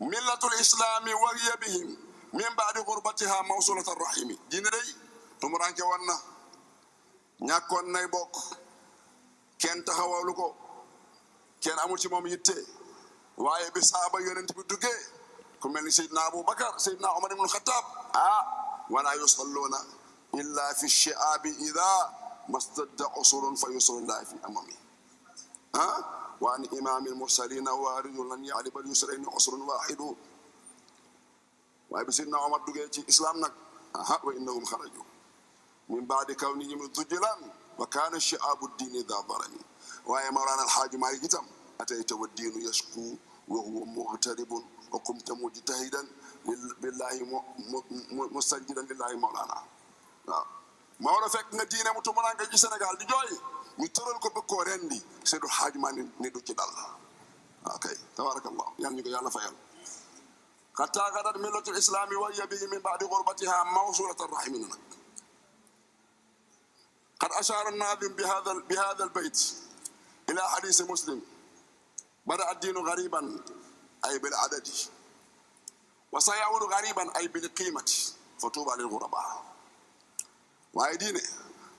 millatul islami wariya bihim min baadi xurbatiha mawsulata rahimi diine day tumuranke woon na ñàkkoon nay bokk kenn taxawalu ko kenn amul ci moom yitte waaye bi saaba yonent bi duggee ku mel ni seydna aboubacar seydna omar ibnul xataab ah wala yusalluuna illa fi shiaabi ida وعن إمام المرسلين ورجلا يعرف اليسرين عسر واحد waaye bi sidna omar duggee ci islaam nag aha wa innahum xaraju min baadi kawnihim dujulan wa kaana shi'aabu diini daa darami waaye mawlaana alxaaji maalik itam atayta wa diinu yashku wa huwa mu'taribun wa qumta mujtahidan billahi mustajidan lillahi mawlaana waaw Maodo fekk nga diine mu tumuraanke ci Sénégal di jooy ñu tëral ko bëgg koo rendi Seydou Hadj Malick ne ok tabarakallah yal ñu ko yàlla fayal xataa gadat millatul islami waya bihi min baadi gurbatiha mawsulata rahimina qad ashara naadim bi hada bi hada albayt ila hadisi muslim bada addiinu gariban ay bil adadi wa sayaudu gariban ay bil qiimati fa tuuba lil guraba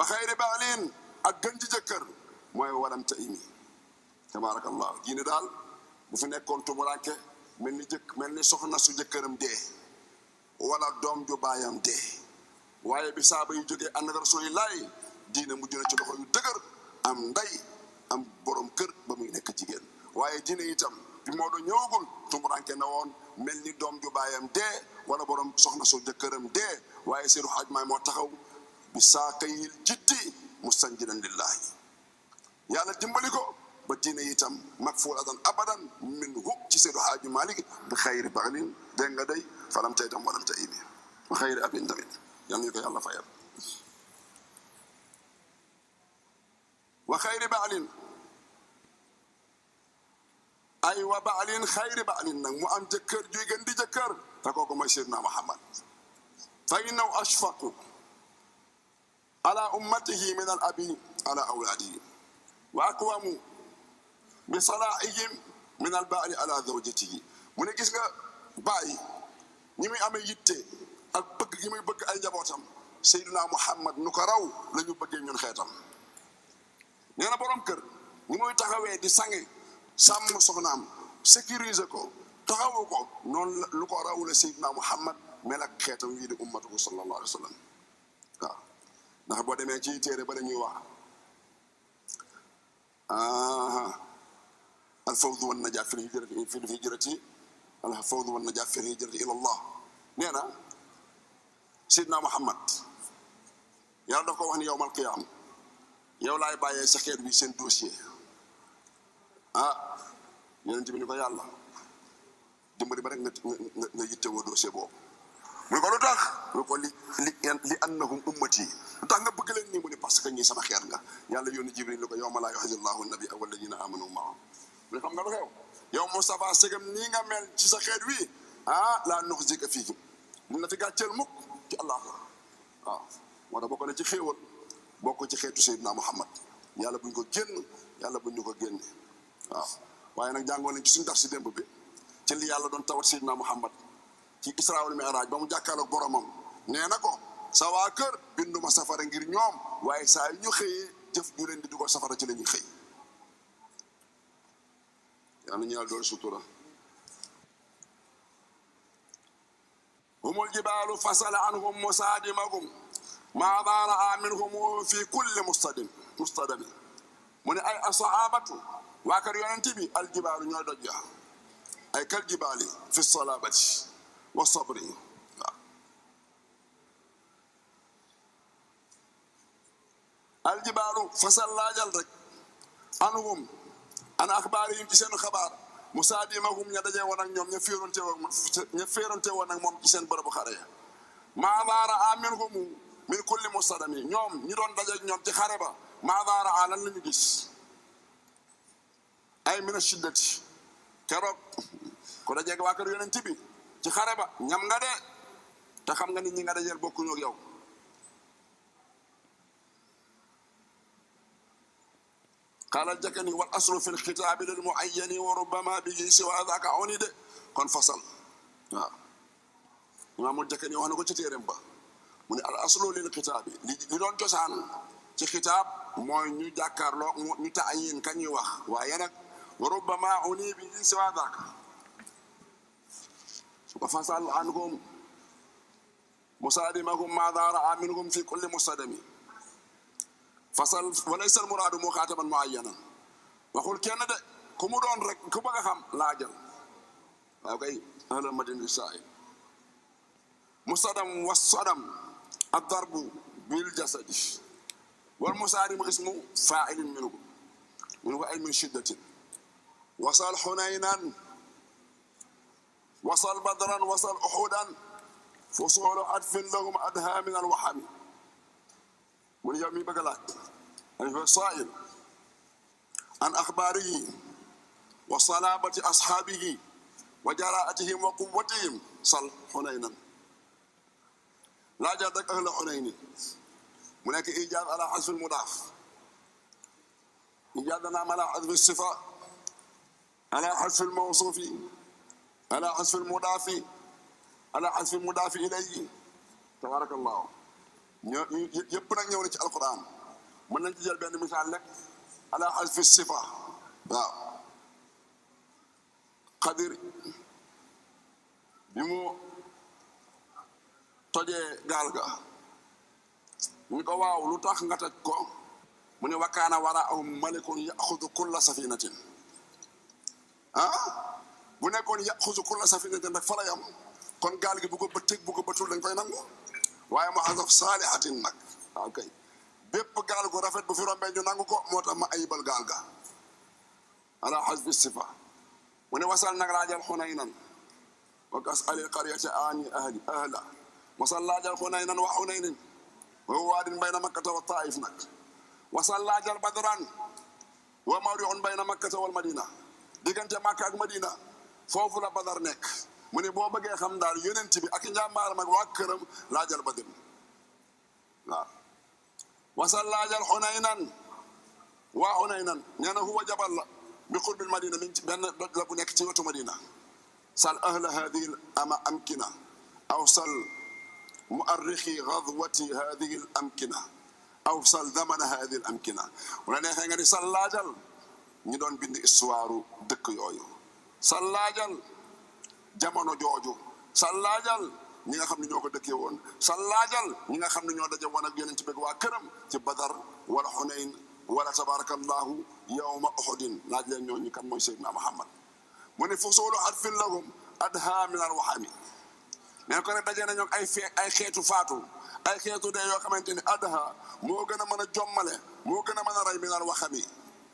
ba xayri baalin ak gën ji jëkkër mooy waram ta imi tabaarakallah diine daal bu fi nekkoon tumuranke mel ni jëkk mel ni soxna su jëkkëram dee wala doom ju baayam dee waaye bi saaba yu jógee ànd ak rasulillaay diine mu jële ci loxo yu dëgër am nday am boroom kër ba muy nekk jigéen waaye diine itam bi moo doon ñëwagul tumuranke na woon mel ni doom ju baayam dee wala borom soxna su jëkkëram dee waaye Seydi Hajji Maalik moo taxaw bi saakayil jiddi mustanjidan lillahi yàlla dimbali ba diine itam magfuulatan abadan min hu ci seedu xaaji malik bi xayri baxlin dégg day falam tay tam walam tay bi ba xayri abin tamit yal ñu ko yàlla wa xayri baalin ay wa baalin xayri baalin nag mu am jëkkër juy gën di jëkkër te kooku mooy seydina muhammad fa innahu ashfaqu على أمته من الأب على أولاده وأقوام بصلاحهم من الباء على زوجته mu ne gis nga bàyyi ñi muy amee yitte ak bëgg ñi muy bëgg ay njabootam Seydina Muhammad nu ko raw lañu bëggee ñun xeetam nee na borom kër ñi muy taxawee di sange sàmm soxnaam sécuriser ko taxawu ko noonu lu ko raw la Seydina Muhammad mel ak xeetam yii di ummatu sallallahu alayhi wa sallam ndax boo demee ci téere ba dañuy wax al fawdu wan najaa fil hijrati fil hijrati al fawdu wan najaa fil hijrati ila allah nee na sidna muhammad yàlla daf ko wax ni yowmal qiyaam yow laay bàyyee sa xeet bi seen dossier ah yonent bi ni ko yàlla dimbali ba rek nga nga yittewoo dossier boobu mu ko lu tax mu ko li li li annahum ummati lu tax nga bëgg leen nii mu ne parce que ñii sama xeet nga yàlla yónni jibril li ko yow ma laa yuxzi llahu na amanu maam li xam nga lu xew yow Moustapha segam nii nga mel ci sa xeet wi ah laa nox jik a fiikim mun na fi gàcceel ci ci àllaaxira waaw moo tax bokk na ci xéewal bokk ci xeetu Seydina Muhammad yàlla buñ ko génn yàlla bu ñu ko génne waaw waaye nag jàngoo lañ ci suñu tax si démb bi ci yàlla doon tawat Seydina Muhammad ci Israa wal Mi'raaj ba mu jàkkaarloog boromam nee na ko sa waa kër binduma safara ngir ñoom waaye saa yu ñu xëyee jëf ju leen di dugal safara ci la ñuy xëy yaa ñu yàlla sutura humul jibaalu fasala anhum musaadimahum maa daara minhum fi kulli mustadim mustadami mu ne ay asaabatu waa kër yonent bi aljibaalu ñooy doj ay kal fi salaabati wa sabri aljibaalu fasal laajal rek anhum an axbaarihim ci seen xabaar musaadimahum ña dajee woon ak ñoom ña féerante woon ña féerante woon ak moom ci seen bërëbu xare ya maa daara a minhum min kulli musadami ñoom ñi doon dajeeg ñoom ci xare ba maa daara a lan la ñu gis ay mina shiddati keroog ku dajeeg waa kër yonent bi ci xare ba ñam nga dee te xam nga nit ñi nga dajeel bokkuñu ak yow xaalal jëkkani wal aslu fi lxitaabi lil muayyani wa rubbama bi ji si wa adaka de kon fasal waaw imaamul jëkkani wax na ko ci téeréem ba mu ne al lil xitaabi li li doon cosaan ci xitaab mooy ñu jàkkaarloo ñu taayin ka ñuy wax waaye rubbama oni bi ji si wa adaka wa fasal anhum musaadimahum maa daara minhum fi kulli musadami fasal wala sal muraadu moo xaataman mu ayyanan waxul kenn de ku mu doon rek ku bëgg a xam laajal waaw kay ahlan madina saa'il musadam wasadam addarbu bil jasadi wal musaarim ismu faa'ilin minhu minhu ay min shiddatin wasal xunaynan wasal badran wasal uxudan fusuulu adfin lahum adha min alwaxami mu ne yow mi bëgg a laaj dañ fa saail an axbaarihi wa salaabati ashaabihi wa jaraatihim wa quwwatihim sal xunaynan laajal rek ahla xunayni mu nekk ijaab ala xasfil mudaaf ijaab danaam ala xasfi sifa ala xasfi mawsuufi ala xasfi mudaafi ala xasfi mudaafi ilayhi tabaaraka allahu ñoo yépp nag ñëw na ci alquran mën nañ ci jël benn misaal rek ala alfi sifa waaw xadir bi mu tojee gaal ga ñu ko waaw lu tax nga toj ko mu ne wakaana waraahum malikun yaxudu kulla safinatin ah bu nekkoon yaxudu kulla safinatin rek fa la yam kon gaal gi bu ko bëtëg bu ko bëtul dañ koy nangu waaye mu asaf saalihatin nag waaw ah, gaal gu rafet bu fi rombee ñu nangu ko moo tax ma ayibal gaal ga ala sifa mu wasal nag laajal xunaynan wa kas alil qaryati aani ahli ahla wasal laajal xunaynan wa xunaynin wa waadin bayna wa taif nag wasal laajal badran wa mawdiun bayna makkata wal madina diggante makka madina foofu la badar nekk mu ne boo bëggee xam daal yonent bi ak njàmbaaram ak waa këram laajal Badr waaw wasal laajal Xunaynan waa Xunaynan nee na huwa jabal la bi qurbil madina min ci benn doj la bu nekk ci wetu madina sal ahla hadihi l ama amkina aw sal muarrixi gadwati hadihi l amkina aw sal damana hadihi l amkina wala neexee nga ni sal laajal ñu doon bind histoire dëkk yooyu sal laajal jamono jooju sa laajal ñi nga xam ne ñoo ko dëkkee woon sa laajal ñi nga xam ne ñoo daje woon ak yonent bi waa këram ci badar wala xunayn wala tabarakallahu yawma uhudin laaj leen ñoo ñu kan mooy seydina muhammad mu ne fusuulu harfin lahum adha min al waxami nee ko rek daje nañu ay fee ay xeetu faatu ay xeetu dee yoo xamante ni adha moo gën a mën a jommale moo gën a mën a rey min al waxami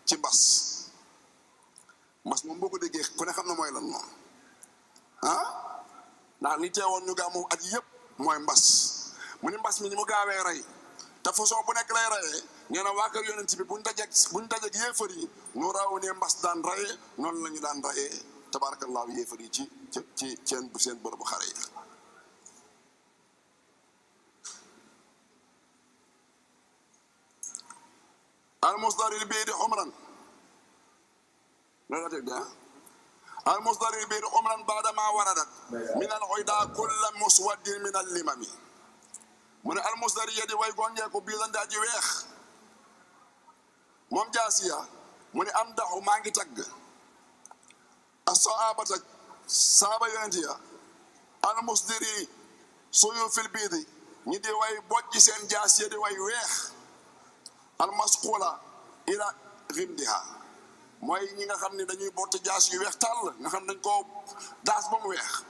ci mbas mbas moom boo ko déggee ku ne xam na mooy lan noonu ah ndax ni teewoon ñu gàmmu at yëpp mooy mbas mu ni mbas mi ni mu gaawee rey te façon bu nekk lay reyee nee na waa kër yonent bi buñ dajeg buñ dajeg yi ñu raw ne mbas daan reyee noonu la ñu daan reyee tabaarakallaahu yéefar yi ci ci seen bu seen bërëbu xare yi al musdaril bii di xumran المصدر بير عمرا بعدما وردت من العدا كل مسود من اللمم من المصدر يدي واي غونيا كو بيزان داجي ويخ موم جاسيا من امدح ماغي تاغ الصحابه صحابه يونتيا المصدر سيوف البيض ني دي واي بوجي سين جاسيا دي واي ويخ المسقوله الى غمدها mooy ñi nga xam ni dañuy botte jaas yu weex tàll nga xam dañ koo daas ba mu weex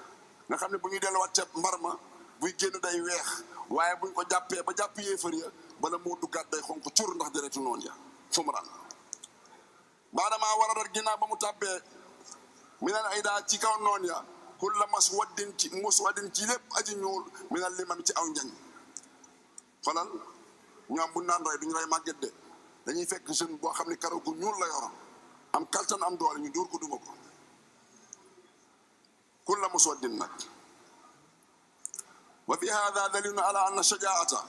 nga xam ne bu ñuy delluwaat ca mbar ma buy génn day weex waaye buñ ko jàppee ba jàpp yéefar ya bala moo duggaat day xonk cur ndax deretu noon ya sumran baadamaa war a dat ginnaaw ba mu tàbbee mi neen ay daa ci kaw noon ya kulla mas waddin ci mus waddin ci lépp aji ñuul mi neen limam ci aw njañ xolal ñoom bu naan rey duñu rey màgget de dañuy fekk jeune boo xam ne karaw gu ñuul la yoroon am kaltan am doole ñu dóor ko duma ko kulla muswaddin nag wa fi hada dalilun ala anna shajaata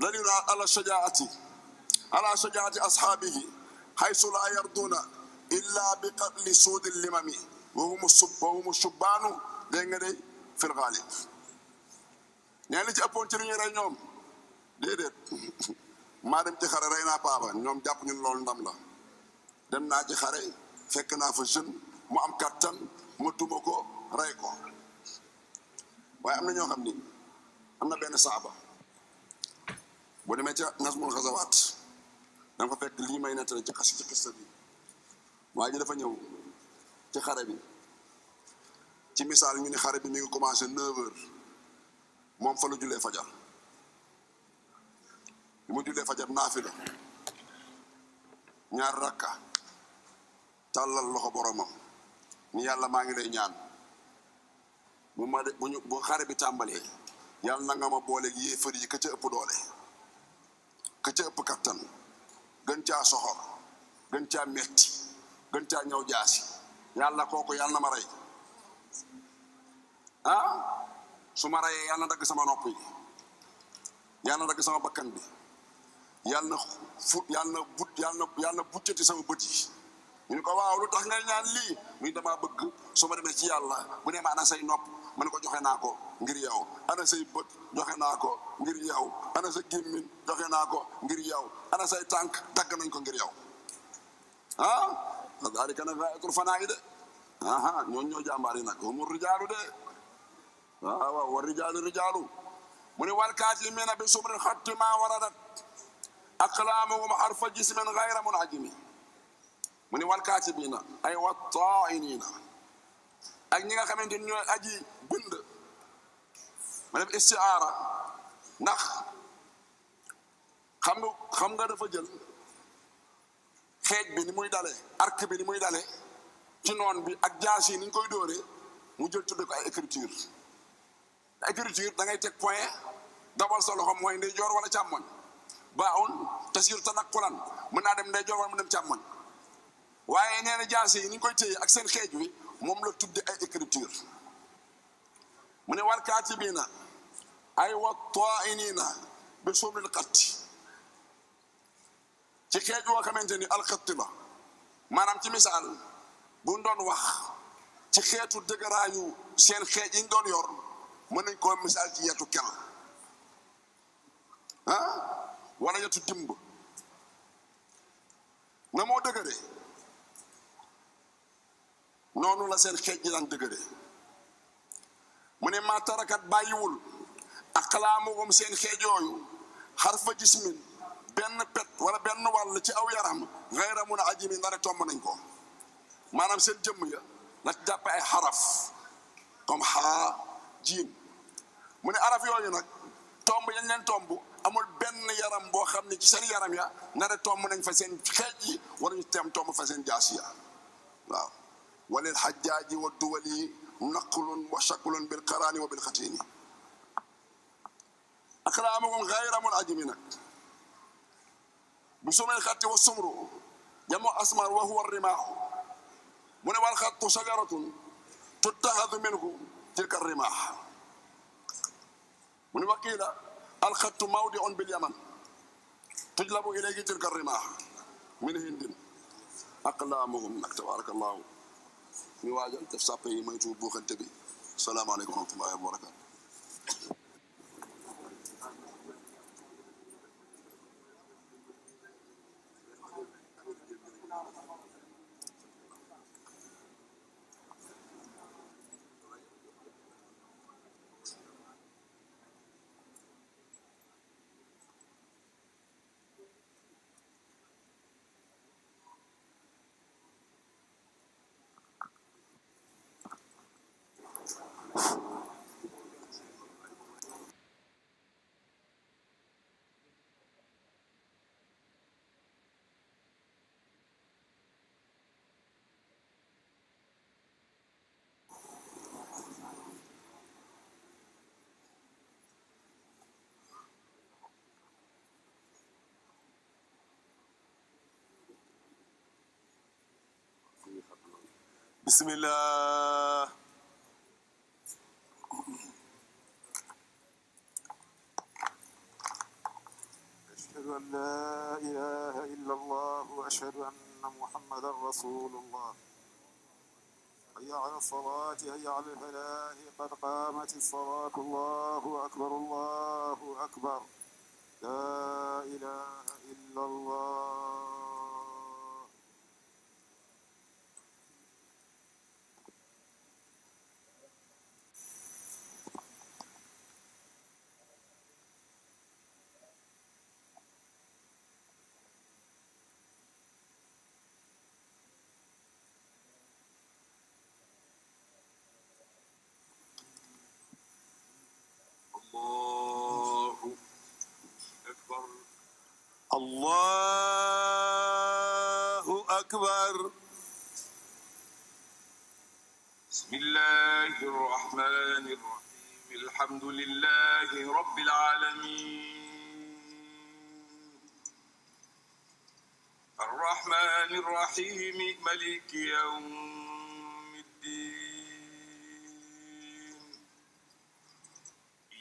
dalilun ala shajaati ala shajaati ashaabihi haysu la yarduuna illa bi qatli suudi limami wa humu sub wa humu subbaanu dégg nga day fil gaalib nee li ci ëppoon ci lu ñu rey ñoom déedéet maa dem ci xare rey naa paaba ñoom jàpp ñun loolu ndam la dem naa ci xare fekk naa fa jeune mu am kàttan ma duma ko ray ko waaye am na ñoo xam ni am na benn saaba boo demee ca nasmul xasawaat danga ko fekk lii may nettali ci xas ci xista bi waa ji dafa ñëw ci xare bi ci misaal ñu ne xare bi mi ngi commencé neuf heures moom fa la jullee fajar bi mu jullee fajar naafi la ñaar rakka tàllal loxo boromam ni yàlla maa ngi lay ñaan bu ma de bu ñu bu xare bi tàmbalee yàlla na nga ma booleeg yéefar yi ka ca ëpp doole ka ëpp kattan gën caa soxor gën caa metti gën caa ñëw jaasi yàlla kooku yàlla na ma rey ah su ma reyee yàlla na dagg sama nopp yi yàlla na dagg sama bakkan bi yàlla na fu yàlla na but yàlla na yàlla na buccati sama bët yi ñu ne ko waaw tax nga ñaan lii muy damaa bëgg su ma demee ci yàlla bu ne ma say nopp ma ne ko joxe naa ko ngir yow ana say bët joxe naa ko ngir yow ana sa joxe naa ko ngir yow ana say tànk nañ ko ngir yow ah dalika nag ayatul fanaa de aha ñooñu ñoo jàmbaar yi nag humu rijaalu de waaw wa war rijaalu rijaalu mu ne wal kaazimiina bi sumri xatti maa waradat aqlaamuhum harfa jismin gayra munajimi mu ni wal kaatibiina ay wa taa'iniina ak ñi nga xamante ni ñooy aji bind ma def istiaara ndax xam nga xam nga dafa jël xeej bi ni muy dale arc bi ni muy dale ci noon bi ak jaas yi ni koy dóoree mu jël tudde ko ay écriture écriture dangay teg point dabal sa loxo mooy ndey joor wala càmmoñ baaxul te sur ta nag kulan mën naa dem ndey joor wala mu dem càmmoñ waaye nee na jaas yi ni koy téye ak seen xeej wi moom la tudde ay écriture mu ne bii na ay wa tainiina bi sumlil xatti ci xeej woo xamante ni alxatti la maanaam ci misaal bu ñu doon wax ci xeetu dëgëraayu seen xeej yi ñu doon yor mën nañ koo misaal ci yetu kel ah wala yetu dimb na moo dëgëre noonu la seen xeej ñi daan dëgëree mu ne maa tarakat bàyyiwul aqlaamuhum seen xeej yooyu xarfa jismin benn pet wala benn wàll ci aw yaram gayra mun a ajimi ndare tomb nañ ko maanaam seen jëmm ya la ci jàppe ay xaraf comme xaa jiim mu ne araf yooyu nag tomb yañ leen tomb amul benn yaram boo xam ne ci seen yaram ya ndare tomb nañ fa seen xeej yi wala ñu teem tomb fa seen jaas ya waaw walil xajjaaji wa duwali naqlun wa shaklun bil qaraani wa bil xatiini akraamakum gayra mun ajimi nag bu sumel xatti wa sumru jamu asmar wa huwa rimaaxu mu ne wal xattu shajaratun tuttaxadu minhu tilka rimaax mu ne waqiila alxattu mawdi on bil yaman tujlabu ilayhi tilka rimaax min hindin aqlaamuhum nag tabaraka allahu ñu waajal def sàppe yi moytu buuxante bi salaamaaleykum wa rahmatullahi wa barakatu bismillah أشهد أن لا إله إلا الله وأشهد أن محمدا رسول الله هيا على الصلاة هيا على الفلاح قد قامت الصلاة الله أكبر الله أكبر لا إله إلا الله الله أكبر الله أكبر بسم الله الرحمن الرحيم الحمد لله رب العالمين الرحمن الرحيم ملك يوم الدين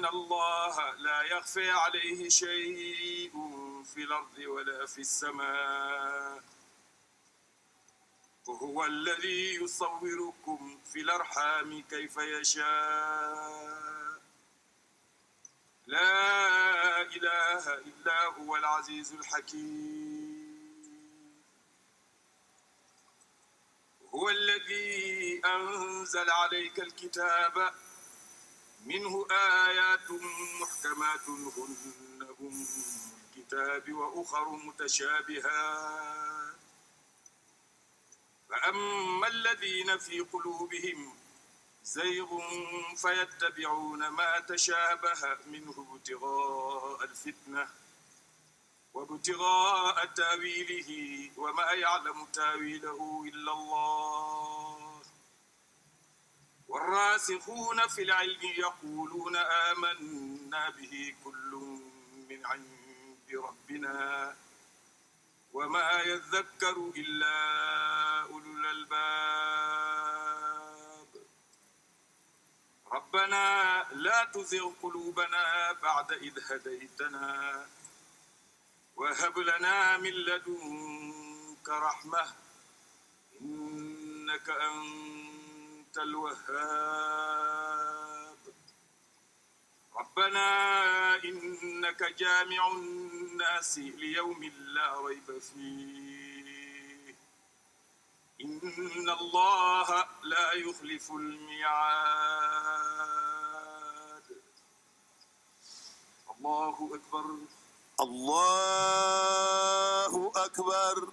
إن الله لا يخفى عليه شيء في الأرض ولا في السماء وهو الذي يصوركم في الأرحام كيف يشاء لا إله إلا هو العزيز الحكيم هو الذي أنزل عليك الكتاب منه آيات محكمات هن أم الكتاب وأخر متشابهات فأما الذين في قلوبهم زيغ فيتبعون ما تشابه منه ابتغاء الفتنة وابتغاء تاويله وما يعلم تاويله إلا الله والراسخون في العلم يقولون آمنا به كل من عند ربنا وما يذكر إلا أولو الألباب ربنا لا تزغ قلوبنا بعد إذ هديتنا وهب لنا من لدنك رحمة إنك أنت أنت الوهاب ربنا إنك جامع الناس ليوم لا ريب فيه إن الله لا يخلف الميعاد الله أكبر الله أكبر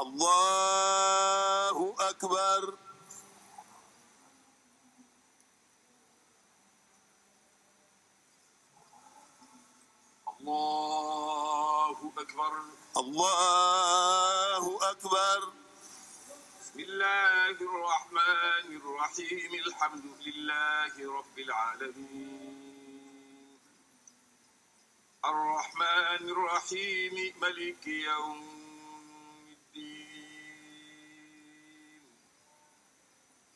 الله أكبر الله أكبر الله أكبر بسم الله الرحمن الرحيم الحمد لله رب العالمين الرحمن الرحيم ملك يوم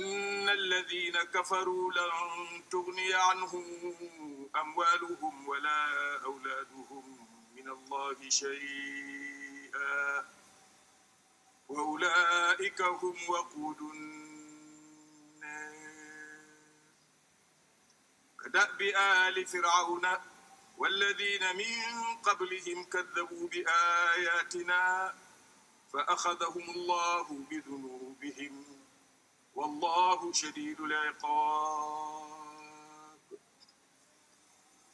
إن الذين كفروا لن تغني عنهم أموالهم ولا أولادهم من الله شيئا وأولئك هم وقود كدأب آل فرعون والذين من قبلهم كذبوا بآياتنا فأخذهم الله بذنوبهم والله شديد العقاب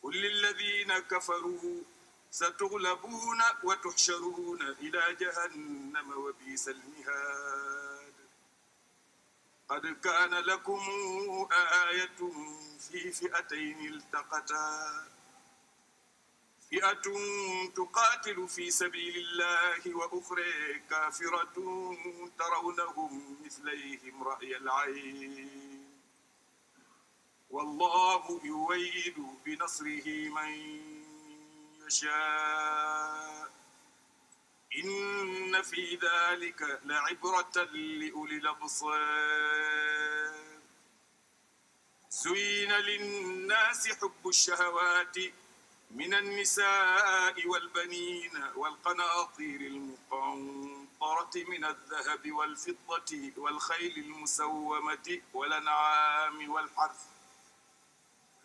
قل للذين كفروا ستغلبون وتحشرون إلى جهنم وبئس المهاد قد كان لكم آية في فئتين التقتا فئة تقاتل في سبيل الله وأخرى كافرة ترونهم مثليهم رأي العين والله يويد بنصره من يشاء إن في ذلك لعبرة لأولي الأبصار زين للناس حب الشهوات من النساء والبنين والقناطير المقنطرة من الذهب والفضة والخيل المسومة والأنعام والحرث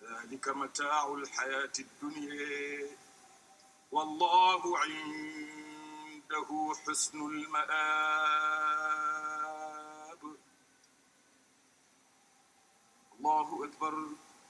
ذلك متاع الحياة الدنيا والله عنده حسن المآب الله أكبر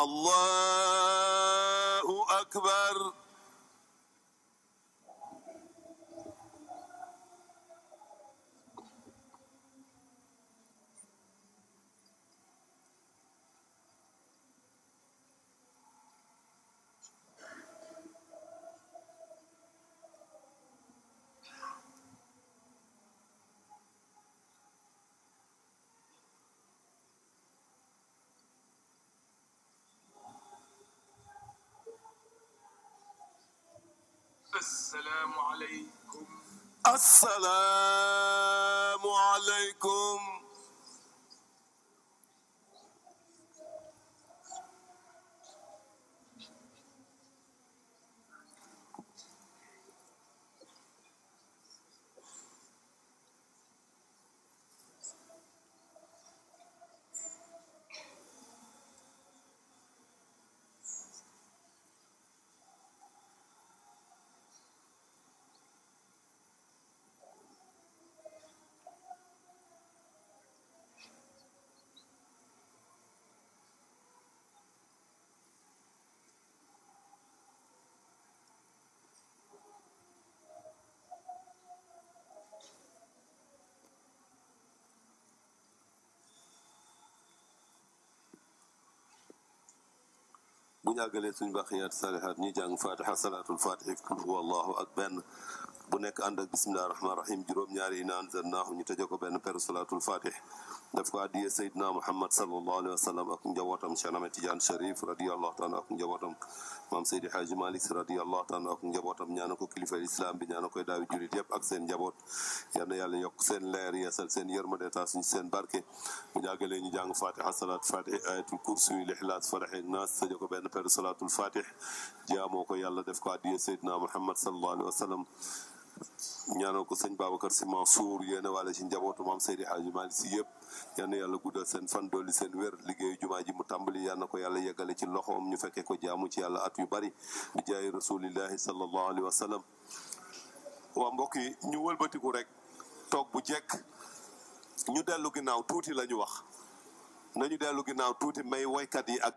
الله أكبر السلام عليكم ñu àggalee suñ baqiyaat saalihaat ñu jàng fatiha salaatul fatih ak wallahu ak benn bu nekk ànd ak bisimilah rahmaani rahim juróom-ñaari inna anzalnaahu ñu tëjee ko benn peru salaatul fatih daf ko addiyee Seydina Muhammad sallallahu alayhi wa sallam ak njabootam Cheikh Ahmed Tidiane Cherif radiyallahu taala ak njabootam maam Seydi Hadji Malick radiyallahu taala ak njabootam ñaana ko kilifa islam bi ñaana koy daawi julit yëpp ak seen njaboot yal na yàlla yokk seen leer yeesal seen yërmande taas ñu seen barke bu jàggalee ñu jàng fatiha salaat fatih ayatul kursi lixlaas falaxeeg naas tëjee ko benn peru salaatul fatih jaamoo ko yàlla def ko addiyee Seydina Muhammad sallallahu alayhi wa sallam ñaanal ko sëñ Babacar Sy Mansour yéene wàlla ci njabootu maam Seydi Hadji Malick Sy yëpp yal na yàlla guddal seen fan dolli seen wér liggéeyu jumaa ji mu tàmbali yal na ko yàlla yeggale ci loxoom ñu fekkee ko jaamu ci yàlla at yu bari di jaay rasulillahi sallallahu alayhi wa sallam waa mbokk yi ñu wëlbatiku rek toog bu jekk ñu dellu ginnaaw tuuti la ñu wax nañu dellu ginnaaw tuuti may woykat yi ak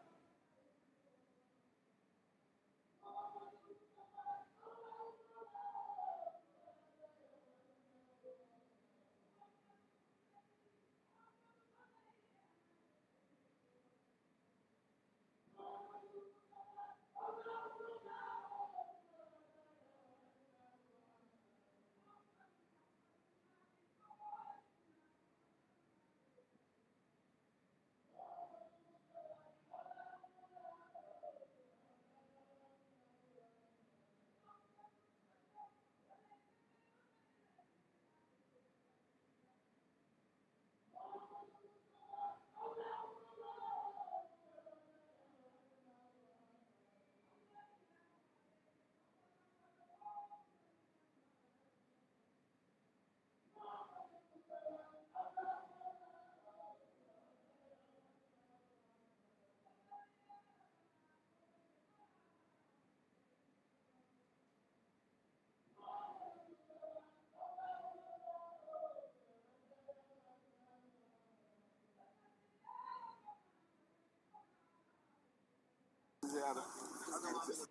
Seattle.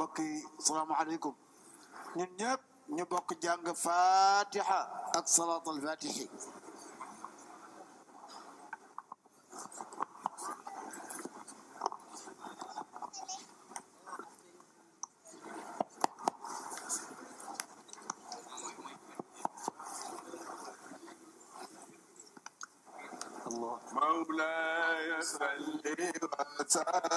mbokk yi salaamaaleykum ñun ñëpp ñu bokk jàng fatiha ak salaat al fatihi مولاي صل وسلم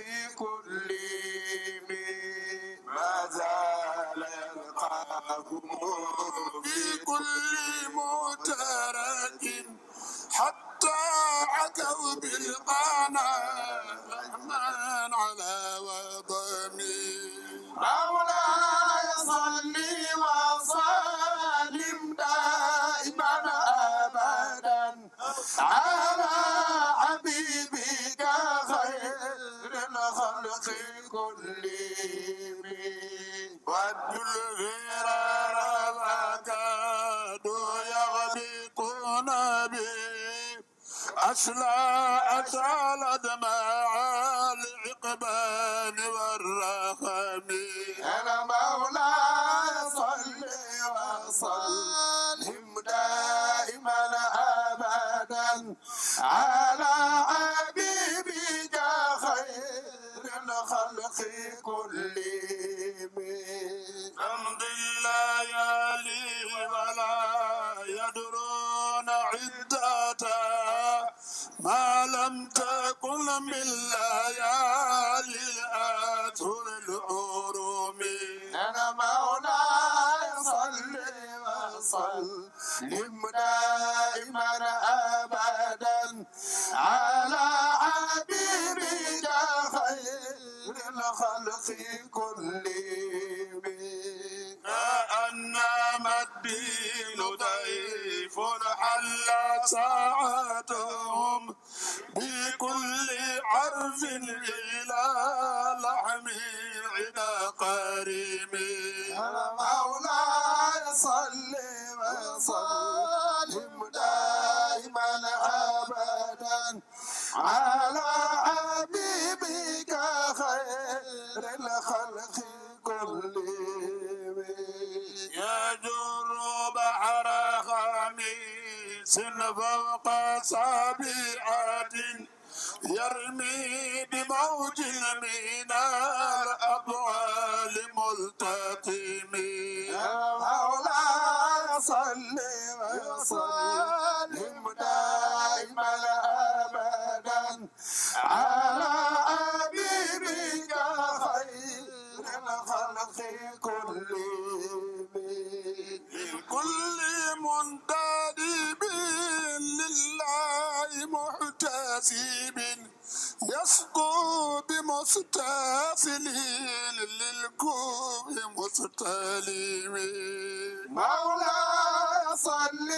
في كل ما زال يلقاكم في كل مترك حتى عتوا بالقانا رحمن على وطني مولاي صلي وسلم دائما ابدا أسلا أسأل دماء العقبان والرحم أنا مولاي صل وسلم دائما أبدا على في كل حمد الليالي ولا يدرون عدتها ما لم تكن من ليالي أتر العروم أنا مولاي صلي وسلم دائما أبدا على خلقي كلهم أنما الدين ضيف حل ساعتهم بكل عرف إلى لحم عدا قريم مولاي صل وسلم دائما أبدا على سن فوق سابعات يرمي بموج من الأبوال ملتقم مولا صل وسلم دائما أبدا على أبيك خير الخلق كلهم من كل منتدى بالله محتسب يسقو بمستاسل للكوب مستلم مولاي صل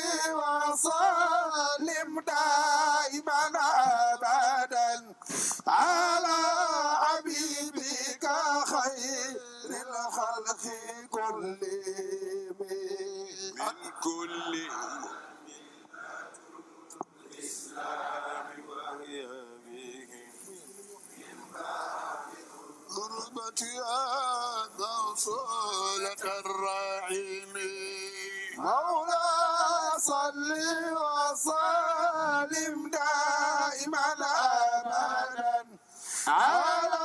وسلم دائما ابدا على حبيبك خير الخلق كلهم من كل يا موصولة الرحيم مولا صل وسلم دائما أبدا على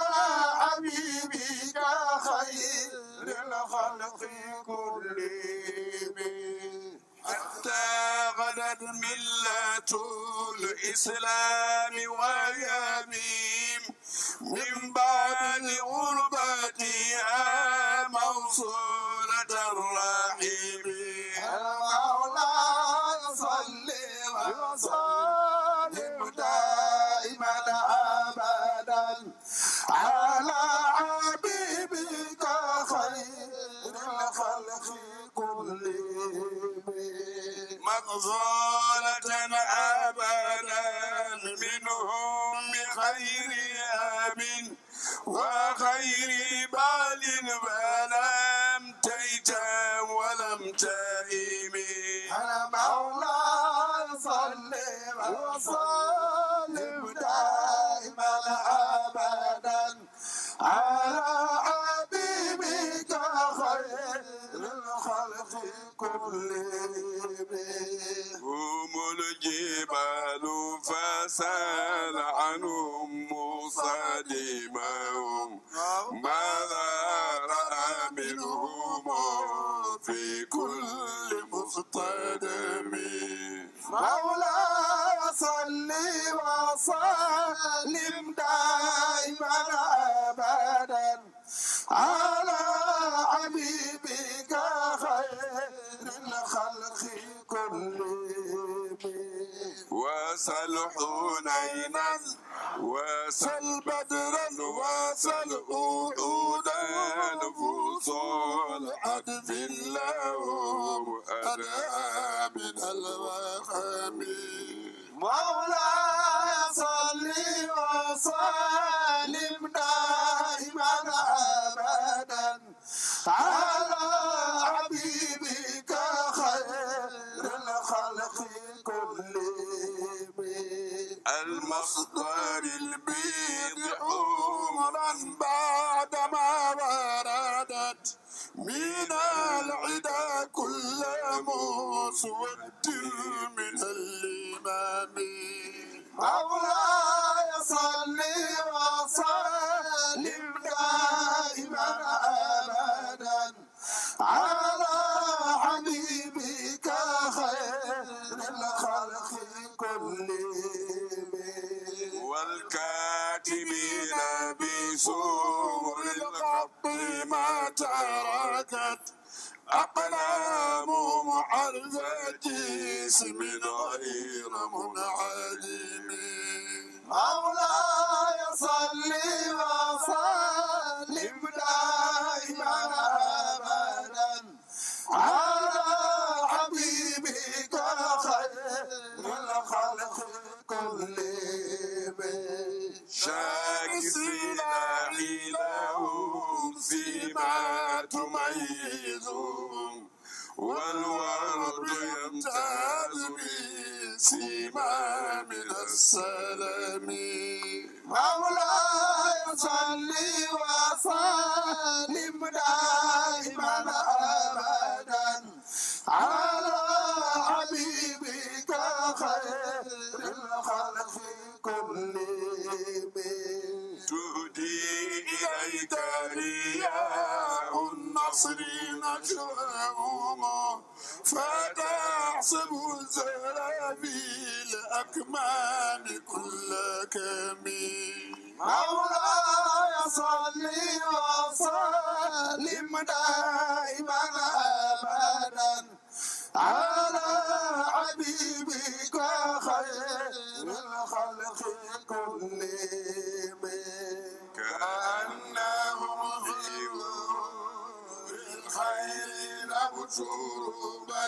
حبيبك خير الخلق كلهم حتى غدت ملة الإسلام ويميم من بعد غربتها موصولة الرحيم المولى صل وسلم دائما أبدا على حبيبك خير الخلق كلهم مغزولة أبدا منهم بخير آب وخير بال ولم تيتم ولم تئم أنا مولا صل وسلم دائما أبدا على كلهم هم الجبال فسال عنهم مصادمهم ماذا رأى منهم في كل مصطدم مولاي صل وسلم سلعود ينفوس العدل الله أنا من الوهم مولاي صل وسلم دائما أبدا على حبيبك خير الخلق كلهم المصدر البدع نورا بعدما وردت من العدا كل مسود من الإمام مولاي صل وسلم دائما أبدا على حبيبك خير الخلق كلهم والكاتبين بسوء القط ما تركت أقلامهم عرض جسم غير منعدم مولاي صل وسلم دائما أبدا على حبيبك خير الخلق كلهم شاكسين إلههم فيما تميزهم والورد يمتاز بسيما من السلام مولاي صلي وسلم دائما أبدا على حبيبك خير الخلق كل من تهدي إليك رياء النصر نشرهم فتعصب الزلابيل أكمام كل كمين مولاي صلي وسلم دائما أبدا على حبيبك خير الخلق كلهم كأنهم في نور الخير مشروبا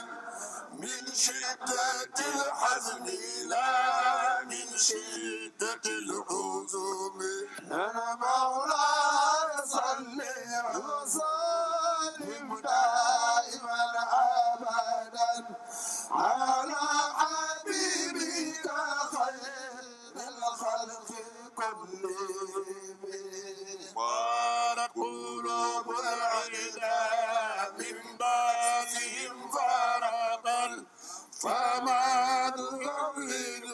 من شدة الحزن لا من شدة الحزن أنا مولاي صلي وسلم دائما أبدا على حبيبك خير الخلق كلهم صارت قلوب العلماء من باسهم فرقا فما تفرق بين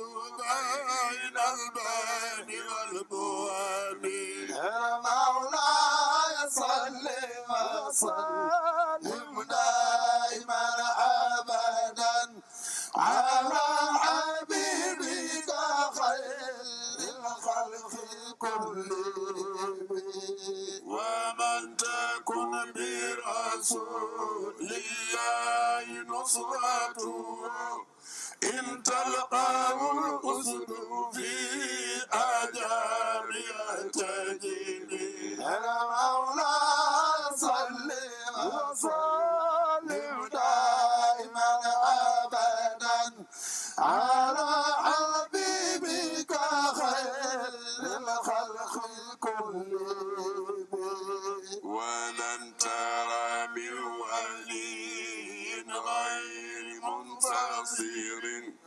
البان والبوان يا مولاي صل وسلم الأصوات إن تلقاه الأسد في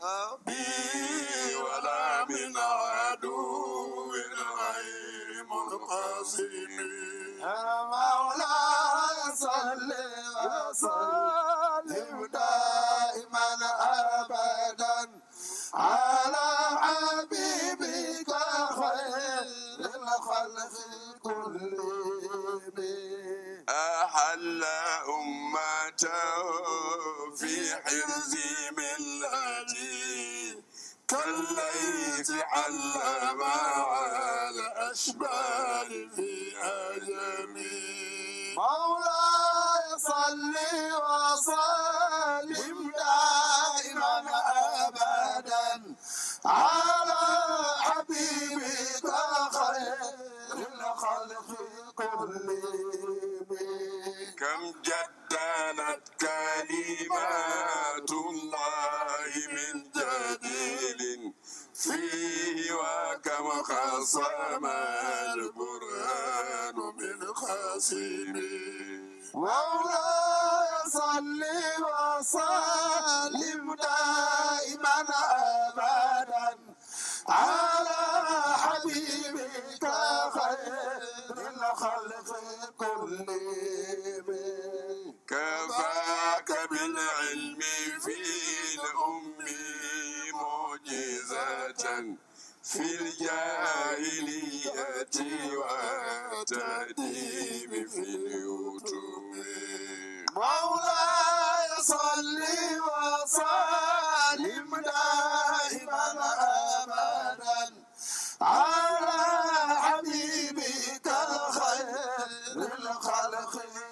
عذابي ولا من عدو غير منقسم يا مولاي صل وسلم دائما ابدا على حبيبك خير الخلق كلهم أحل أمته في حرزي من أجي كالليث علم على الأشبال في أجمي مولاي صلي وسلم دائما أبدا على قبلي كم جدانت كلمات الله من جديل فيه وكم خصم البرهان من خصيم مولاي صل وسلم دائما ابدا على حبيبك خير خلف كل كفاك بالعلم في الأم معجزة في الجاهلية والتأديب في اليتوم مولاي صل وسلم دائما أبدا على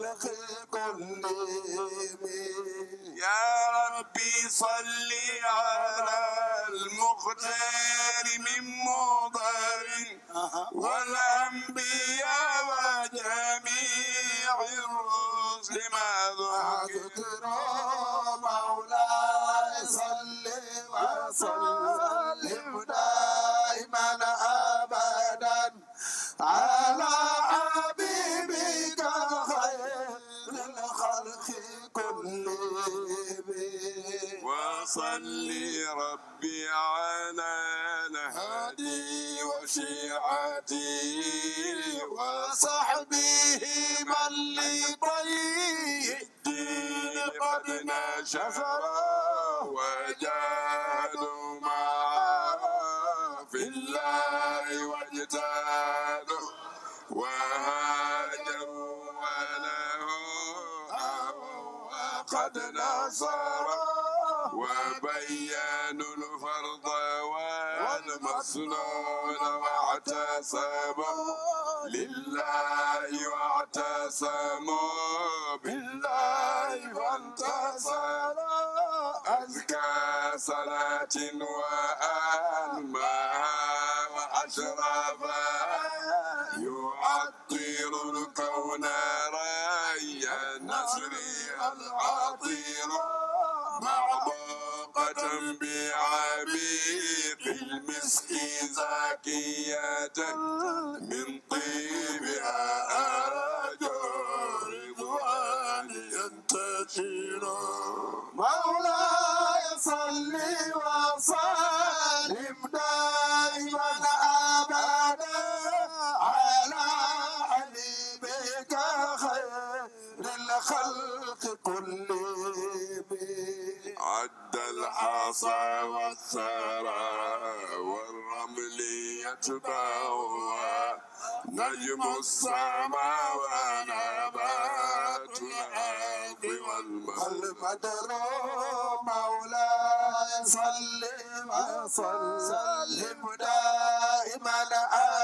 الخلق كلهم يا ربي صل على المختار من مضر والأنبياء وجميع الرسل ما ذكر مولاي صل وسلم صلي ربي على نهدي وشيعتي وصحبه من لطي الدين قد نشفرا وجادوا معا في الله واجتادوا وهاجروا وله قد نصرا يسلون واعتصموا لله واعتصموا بالله وانتصروا أزكى صلاة وأنماها وأشرفها يعطر الكون ري النسر العطير معبوقة بعبيق المسك زاكية من طيبها أرجو رضوان ينتشر مولاي صل وسلم دائما أبدا على حبيبك خير الخلق كلهم العصا والثرى والرمل يتبعها نجم السماء ونبات الأرض والبحر المدر مولاي سلم سلم دائما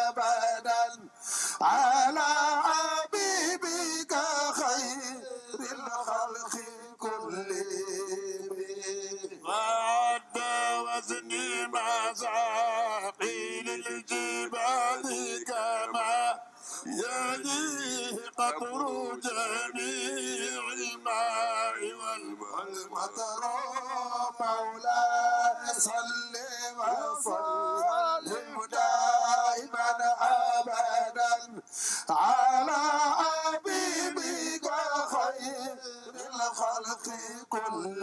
أبدا على حبيبك خير الخلق كلهم وزني مزاقي للجبال كما يليق قطر جميع الماء والمطر مولاي صل وسلم دائما ابدا على حبيبي الخلق كلهم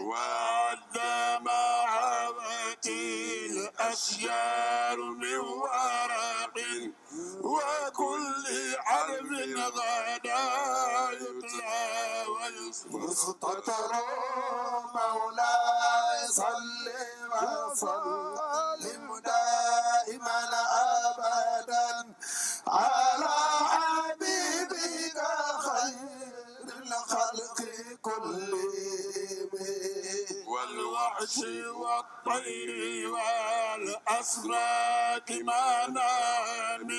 وعد محبتي الأشجار من ورق وكل عرب غدا يطلع ويصبح مستطر مولاي صل وسلم والطير والأسماك ما نام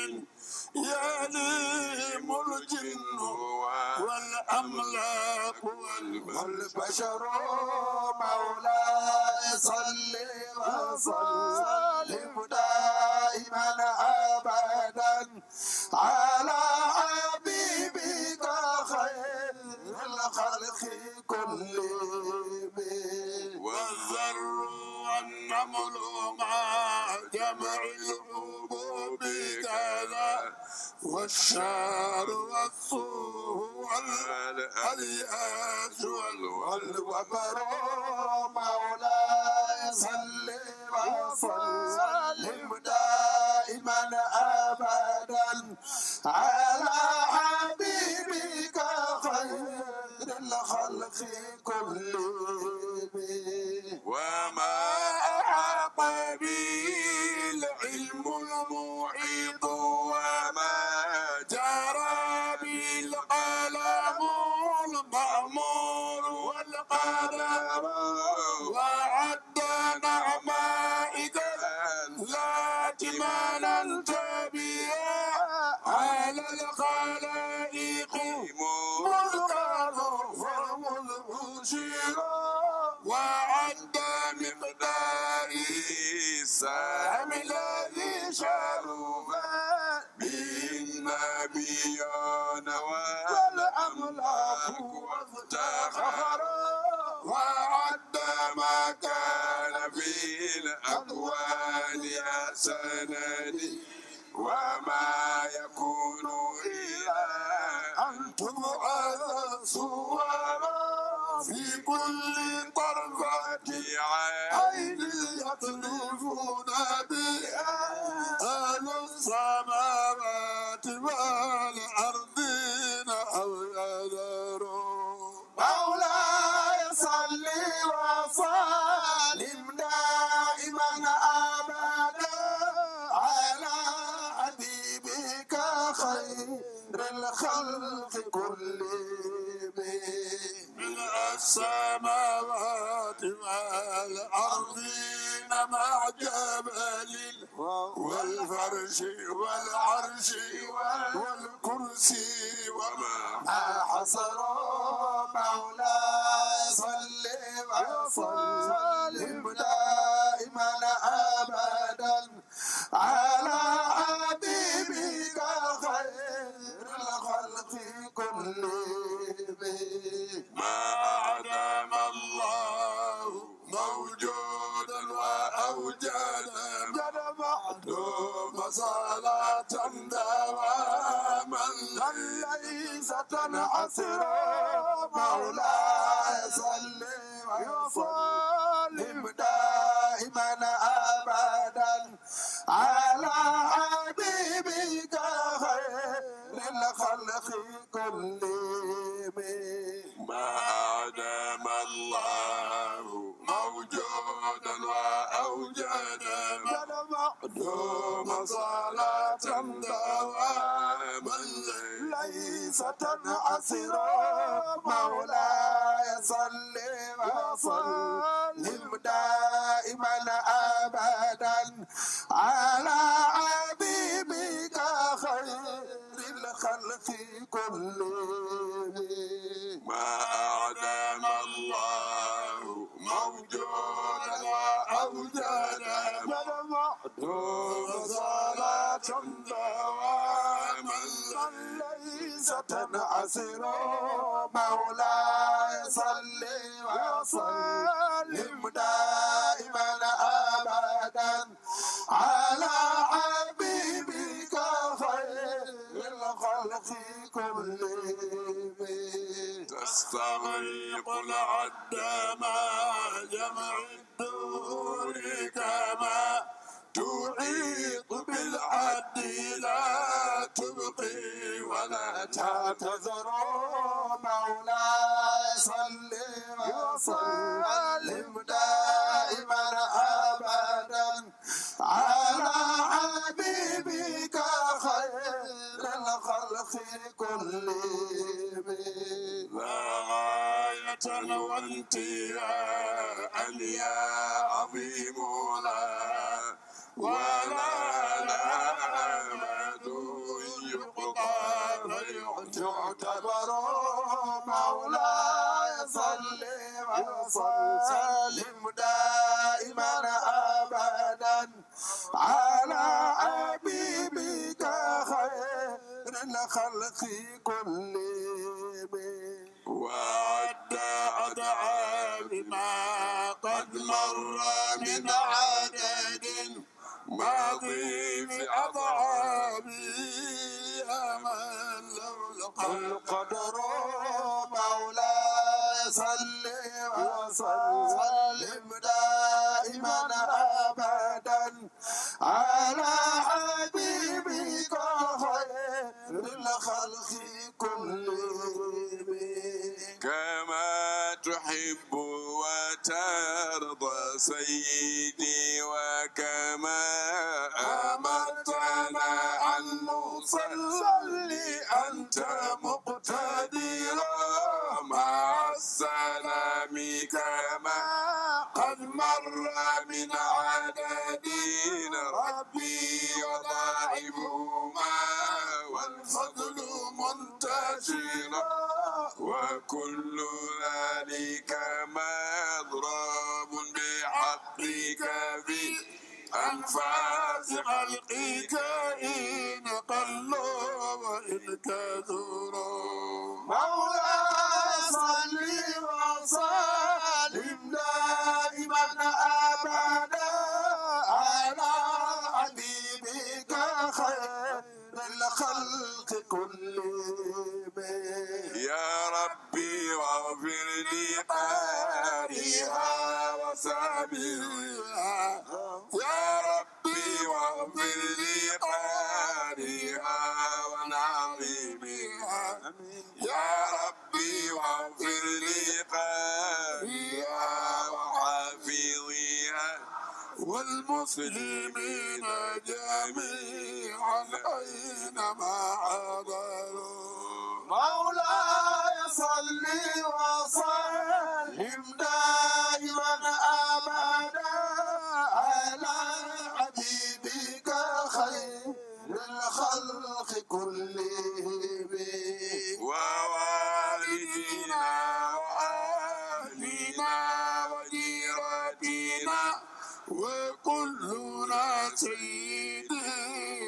يا ليم الجن والأملاك والبشر مولاي صل وسلم دائما أبدا على حبيبك خير الخلق كلهم تعملوا مع جمع العموم كذا والشعر والصوف والألياس والوبر مولاي صل وسلم دائما أبدا على حبيبك خير الخلق كلهم وما سام الذي شرب بالنبيون والأملاك وافتخر وعد ما كان في الأقوال حسنا وما يكون إلا ومعاذ صورا في كل طرفة عين يطلبون بها أهل السماء كل من السماوات والأرض مع جبل والفرش والعرش والكرسي وما حصر مولاي صل وسلم دائما أبدا على كله ما عدم الله موجودا وأوجدا معدوم صلاة دواما ليس تنعسرا مولاي صل وسلم دائما أبدا على حبيبك خير الخلق تسليم ما دام الله موجودا وأوجد معدوم صلاة دواما ليس تنعسر مولاي صل وسلم دائما أبدا على في كل ما أعدم الله موجودا وأوجدا من معدوم صلاة دواما ليس تنعسر مولاي صل وسلم دائما أبدا على في كل تستغرق العد مع جمع الدور كما تحيط بالعد لا تبقي ولا تعتذر مولاي صل وسلم دائما ابدا على حبيبك خير الخلق كلهم غاية وانت يا عظيم لا ولا لا يقضى تعتبر مولاي صل وسلم دائما ابدا على ابي أحسن خلقي كلهم وأدى أدعى ما قد مر من عدد ماضي بأضعابي أمل القدر مولاي صل وسلم دائما أبدا على من خلق كلهم كما تحب وترضى سيدي وكما أمتنا أن نصلي أنت مقتدرا مع السلام كما قد مر من عددين ربي ودائمهما فضل منتشرا وكل ذلك مضرب بحقك في أنفاس خلقك إن قلوا وإن كثروا مولاي صل وسلم يا ربي واغفر لي قلبها وحافظيها والمسلمين جميعا اينما حضروا مولاي صل وسلم دائما ابدا على حبيبك خير الخلق كلهم ووالدنا وأهلنا وجيراننا وكل ناس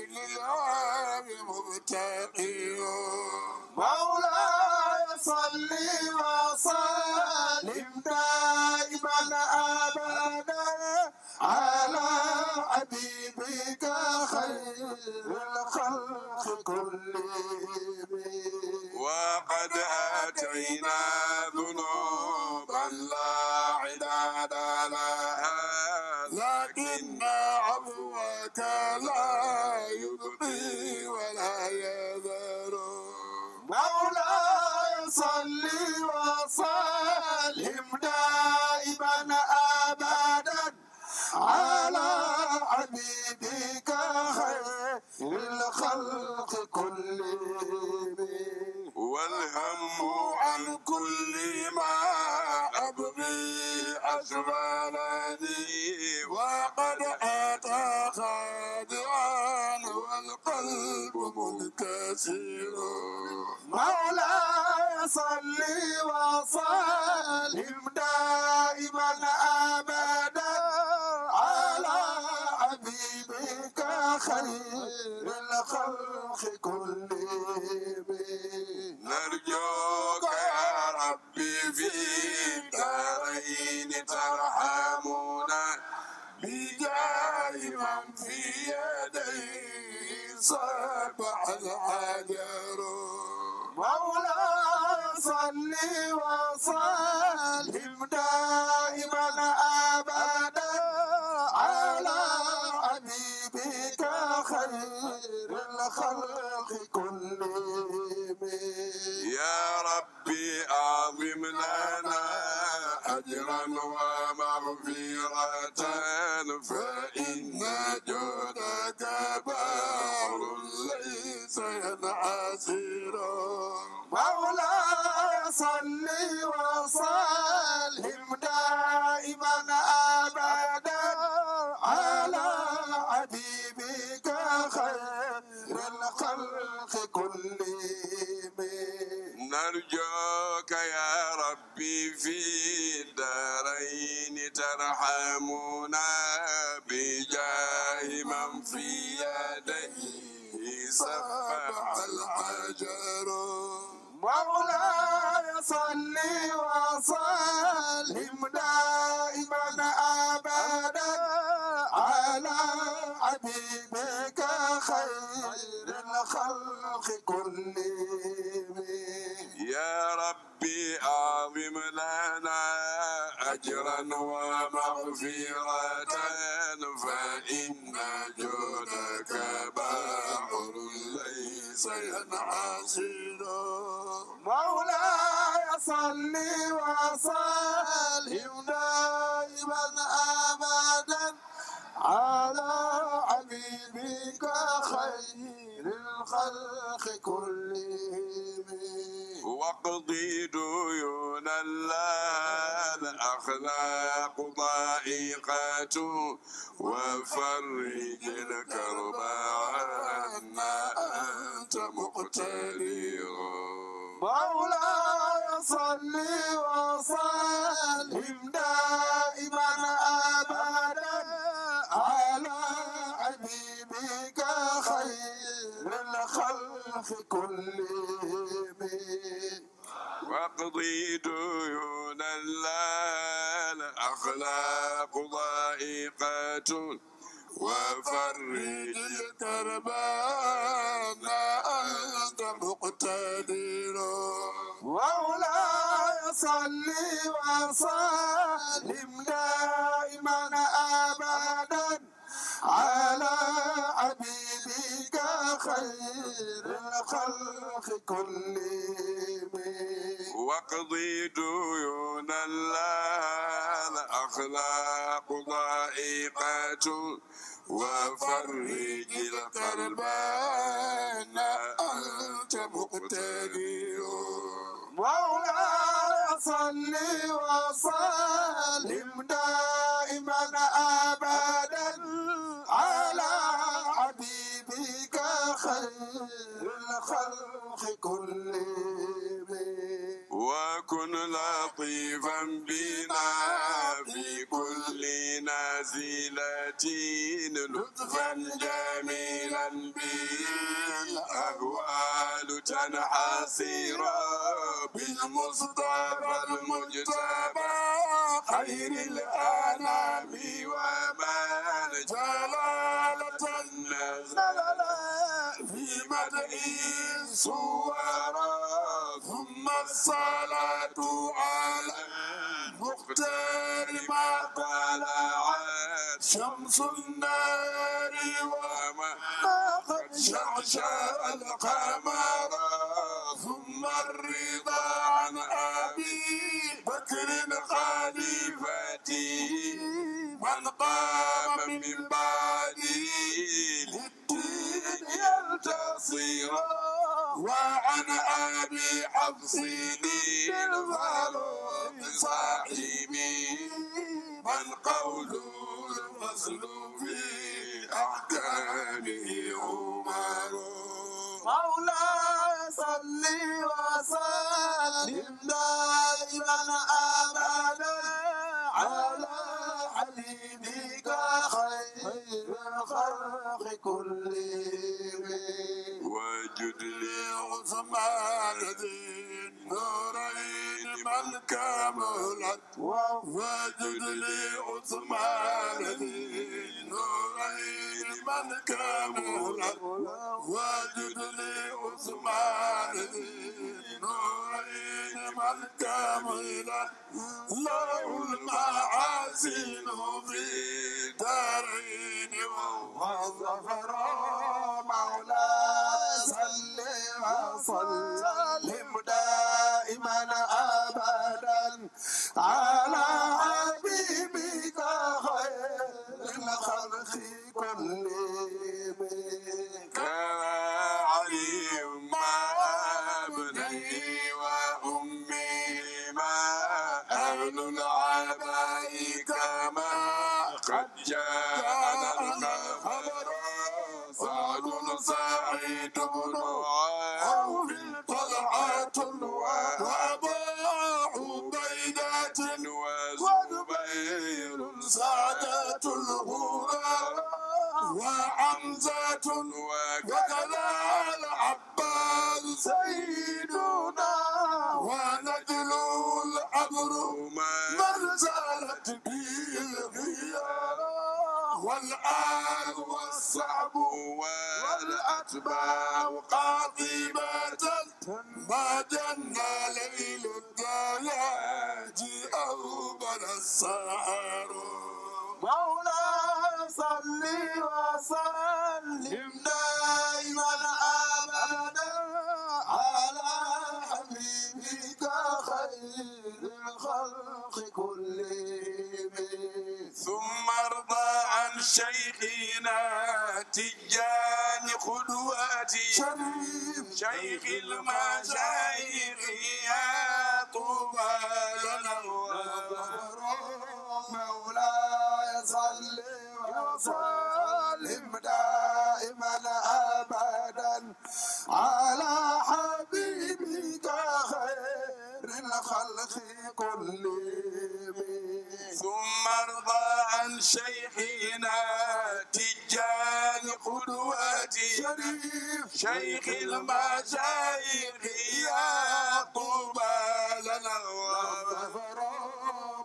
للعام مبتقي مولاي صل وسلم دائما أبدا على حبيبك خير الخلق كلهم وقد أتينا ذنوبا لا عداد لها لكن عفوك لا يبقي ولا يذر مولاي صل وسلم دائما أبدا على للخلق كلهم والهم عن كل ما أبغي أشغلني وقد أتى خادعا والقلب منكسر مولاي صلي وسلم دائما أبدا خير الخلق كلهم نرجوك يا ربي في دارين ترحمنا بجاه من في يديه صبح الحجر مولاي صل وسلم دائما ابدا الخلق كلهم يا ربي أعظم لنا أجرا ومغفرة فإن جودك بار ليس ينعسر مولاي صل وسلم دائما نرجوك يا ربي في الدارين ترحمنا بجاه من في يديه سبح الحجر مولاي صل وسلم دائما ابدا على حبيبك خير الخلق كلهم ربي أعظم لنا أجرا ومغفرة فإن جودك بحر ليس ينحصر مولاي صل وسلم دائما أبدا على حبيبك خير الخلق كلهم واقضي ديون الله الأخلاق ضائقة وفرج الكرب عنا أنت مقتدر مولاي صل وسلم دائما أبدا فيك خير الخلق كلهم واقضي ديون الله أخلاق ضائقة وفرج الكربى ما أنت مقتدر مولاي صل وسلم دائما أبدا على حبيبك خير الخلق كلهم واقضي ديون الله الأخلاق ضائقة وفرج القربان أنت مقتدي مولا صل وسلم دائما ابدا خير الخلق كلهم وكن لطيفا بنا في كل نازلة لطفا جميلا بالأهوال تنحصر بالمصطفى المجتبى خير الأنام ومن جلالة نزل مدعي صورا ثم الصلاة على مختار ما طلعت شمس النار وما قد شعشع القمر ثم الرضا عن أبي بكر خليفتي من قام من بعدي التصيرا وعن أبي حفص لي الفاروق صاحبي من قول المسلوب في أحكامه خير الخلق كلهم وجد لي عثمان ذي نورين ملكا مهلت وجد لي عثمان ذي نورين ملكا مهلت وجد لي عثمان ذي النورين والكاملة له المعازين في دارين والظفر مولا صل وسلم دائما أبدا على حبيبك خير الخلق كلهم العباء كما قد جاءنا الخبر سعد سعيد بن والآل والصعب والأتباع قاطبة ما جن ليل الدلاجي أو بنى السعر مولاي صل وسلم دائما أبدا على خير الخلق كلهم ثم ارضى عن شيخنا تجان قدوتي شيخ المشايخ يا طوبى له مولاي صل وسلم دائما ابدا على حبيبي خلق كل ثم ارضى عن شيخنا تجان قدوتي شريف شيخ المشايخ يا طوبى لنا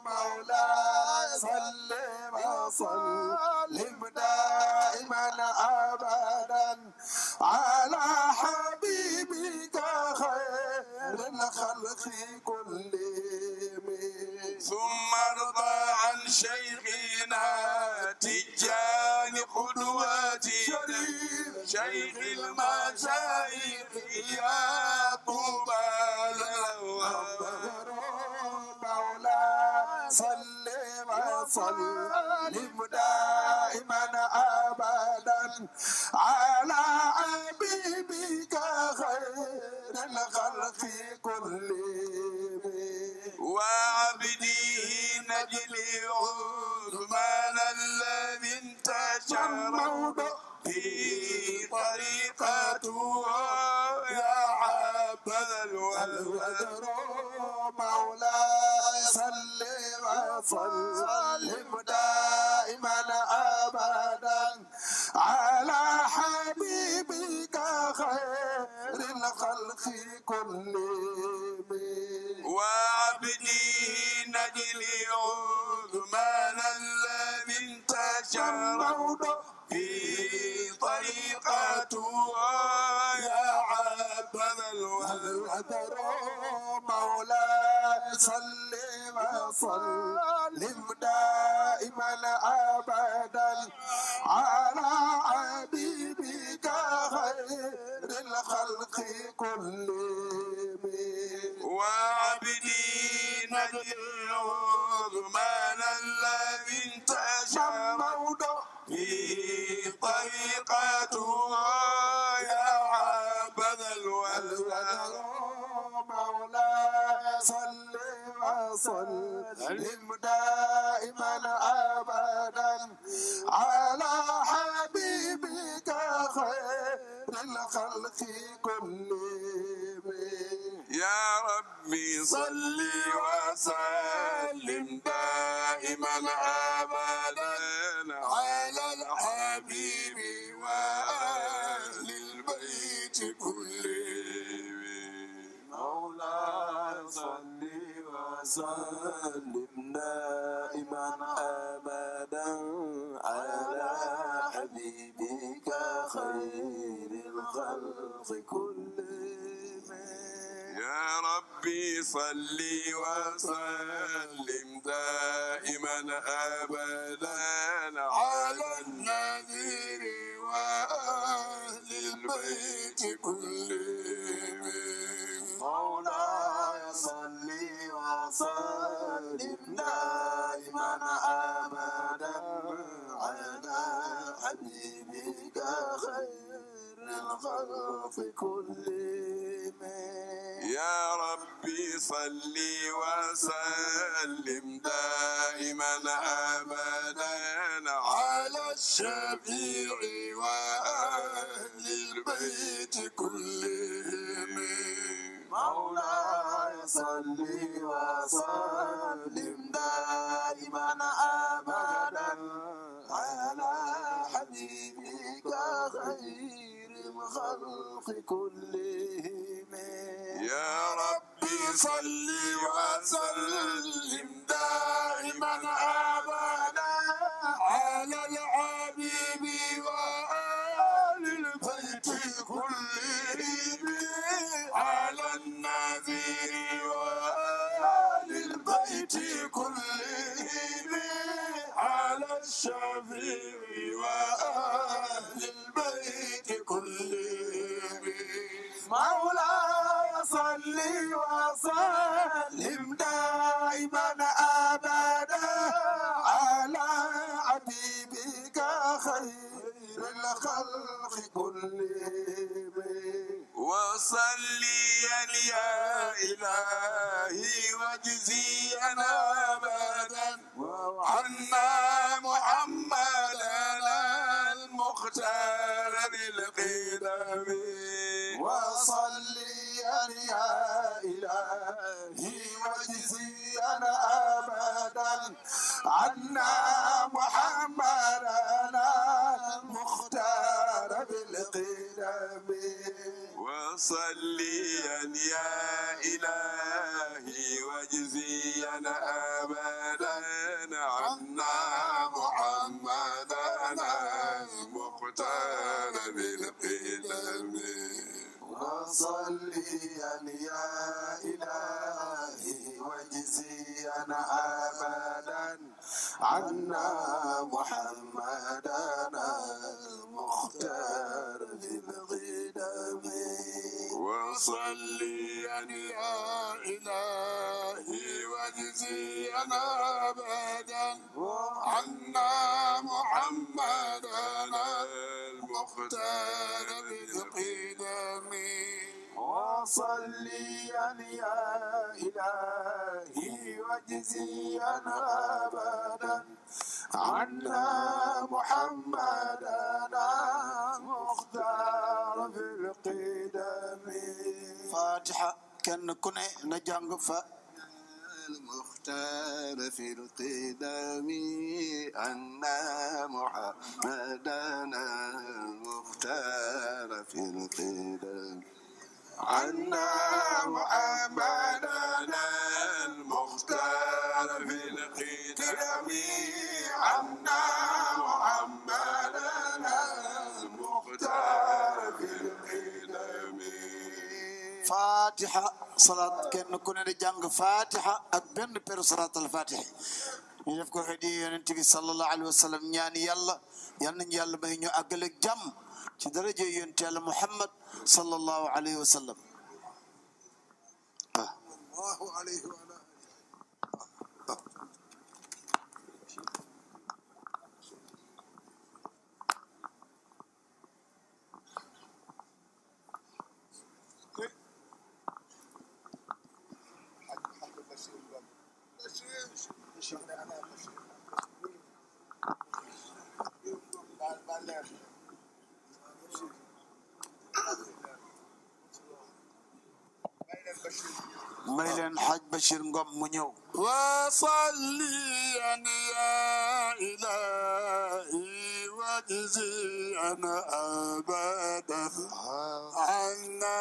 مولاي صل وسلم دائما ابدا على حبيبك خير الخلق كلهم ثم ارضى عن شيخنا تجاني قدوتي شيخ المشايخ يا طوبى وسلم دائما ابدا على حبيبك خير الخلق كلهم وعبده نجلي عثمان الذي انتشر في طريقته يا عبد الولد مولاي فصلهم دائما أبدا على حبيبك خير الخلق كلهم وعبدي نجلي عثمان الذي انتشر في طريقته يا عبد الوهدر مولاي صل وسلم دائما ابدا على حبيبك خير الخلق كلهم وعبدي نجل عظمان الذي انتشر في طريقته يا عبد الولد مولاي صل وسلم دائما ابدا على حبيبك خير الخلق كلهم يا ربي صل وسلم دائما ابدا على الحبيب وأبدا صل وسلم دائما أبدا على حبيبك خير الخلق كلهم يا ربي صل وسلم دائما أبدا على النذير وأهل البيت كلهم مولاي صل وسلم دائما ابدا على حبيبك خير الخلق كلهم يا ربي صل وسلم دائما ابدا على الشفيع واهل البيت كلهم مولاي صل وسلم دائما ابدا على حبيبك خير الخلق كلهم يا ربي صل وسلم دائما ابدا على الحبيب وعلى بيتي كل على الشفيع وأهل البيت كلهم مولاي صلي وسلم دائما أبدا على حبيبك خير الخلق كلهم ثاني يا إلهي واجزي أنا أبدا عنا محمدا المختار بالقدم وصلي يا إلهي واجزي أنا أبدا عنا صليا يا إلهي واجزيا أبدا عنا محمدا المختار للغنم وصلي على إلهي واجزينا أبدا عنا محمدا المختار بذقي دمي وصليا يا إلهي واجزيا أبدا عنا محمدا مختار في القدم فاتحة كن كن نجانغ فاتحة المختار في القدم أن محمدنا المختار في القدم عنا محمدنا المختار في القدم عنا محمدنا المختار في القدم فاتحة صلاة كن كنا نجàng فاتحة ak benn per صلاة الفاتحة ñu def ko xëy di yonent bi sallallahu alayhi wa sallam ñaan yàlla yal nañu yàlla may ñu àggale jàmm ci daraje yonent Yàlla Muhammad sallallahu alayhi wa sallam may leen xaj Bachir Ngom mu ñëw wasalli an ya ilahi wajzi an abadan anna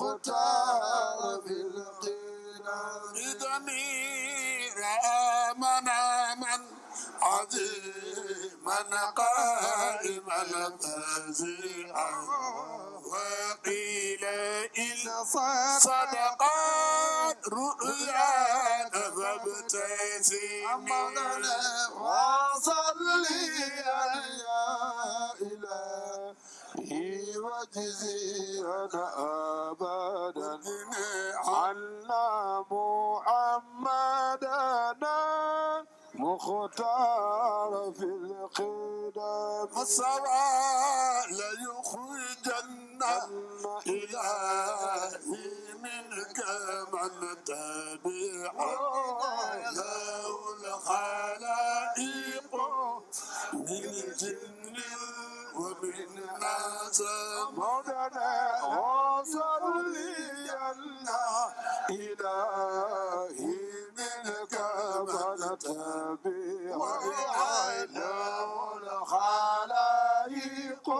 المختار في القنان بضمير آمنا من عظيما قائما فزيعا وقيل إن صدقت رؤيانا فابتسمي وصلي يا إلهي وجزينا أبدا عنا محمدنا مختار في القدم السبع لا يخرجن إلهي منك من تبع له الخلائق من الجن ومن هذا مدنا وصل لنا إلهي منك فنتبع وعلى الخلائق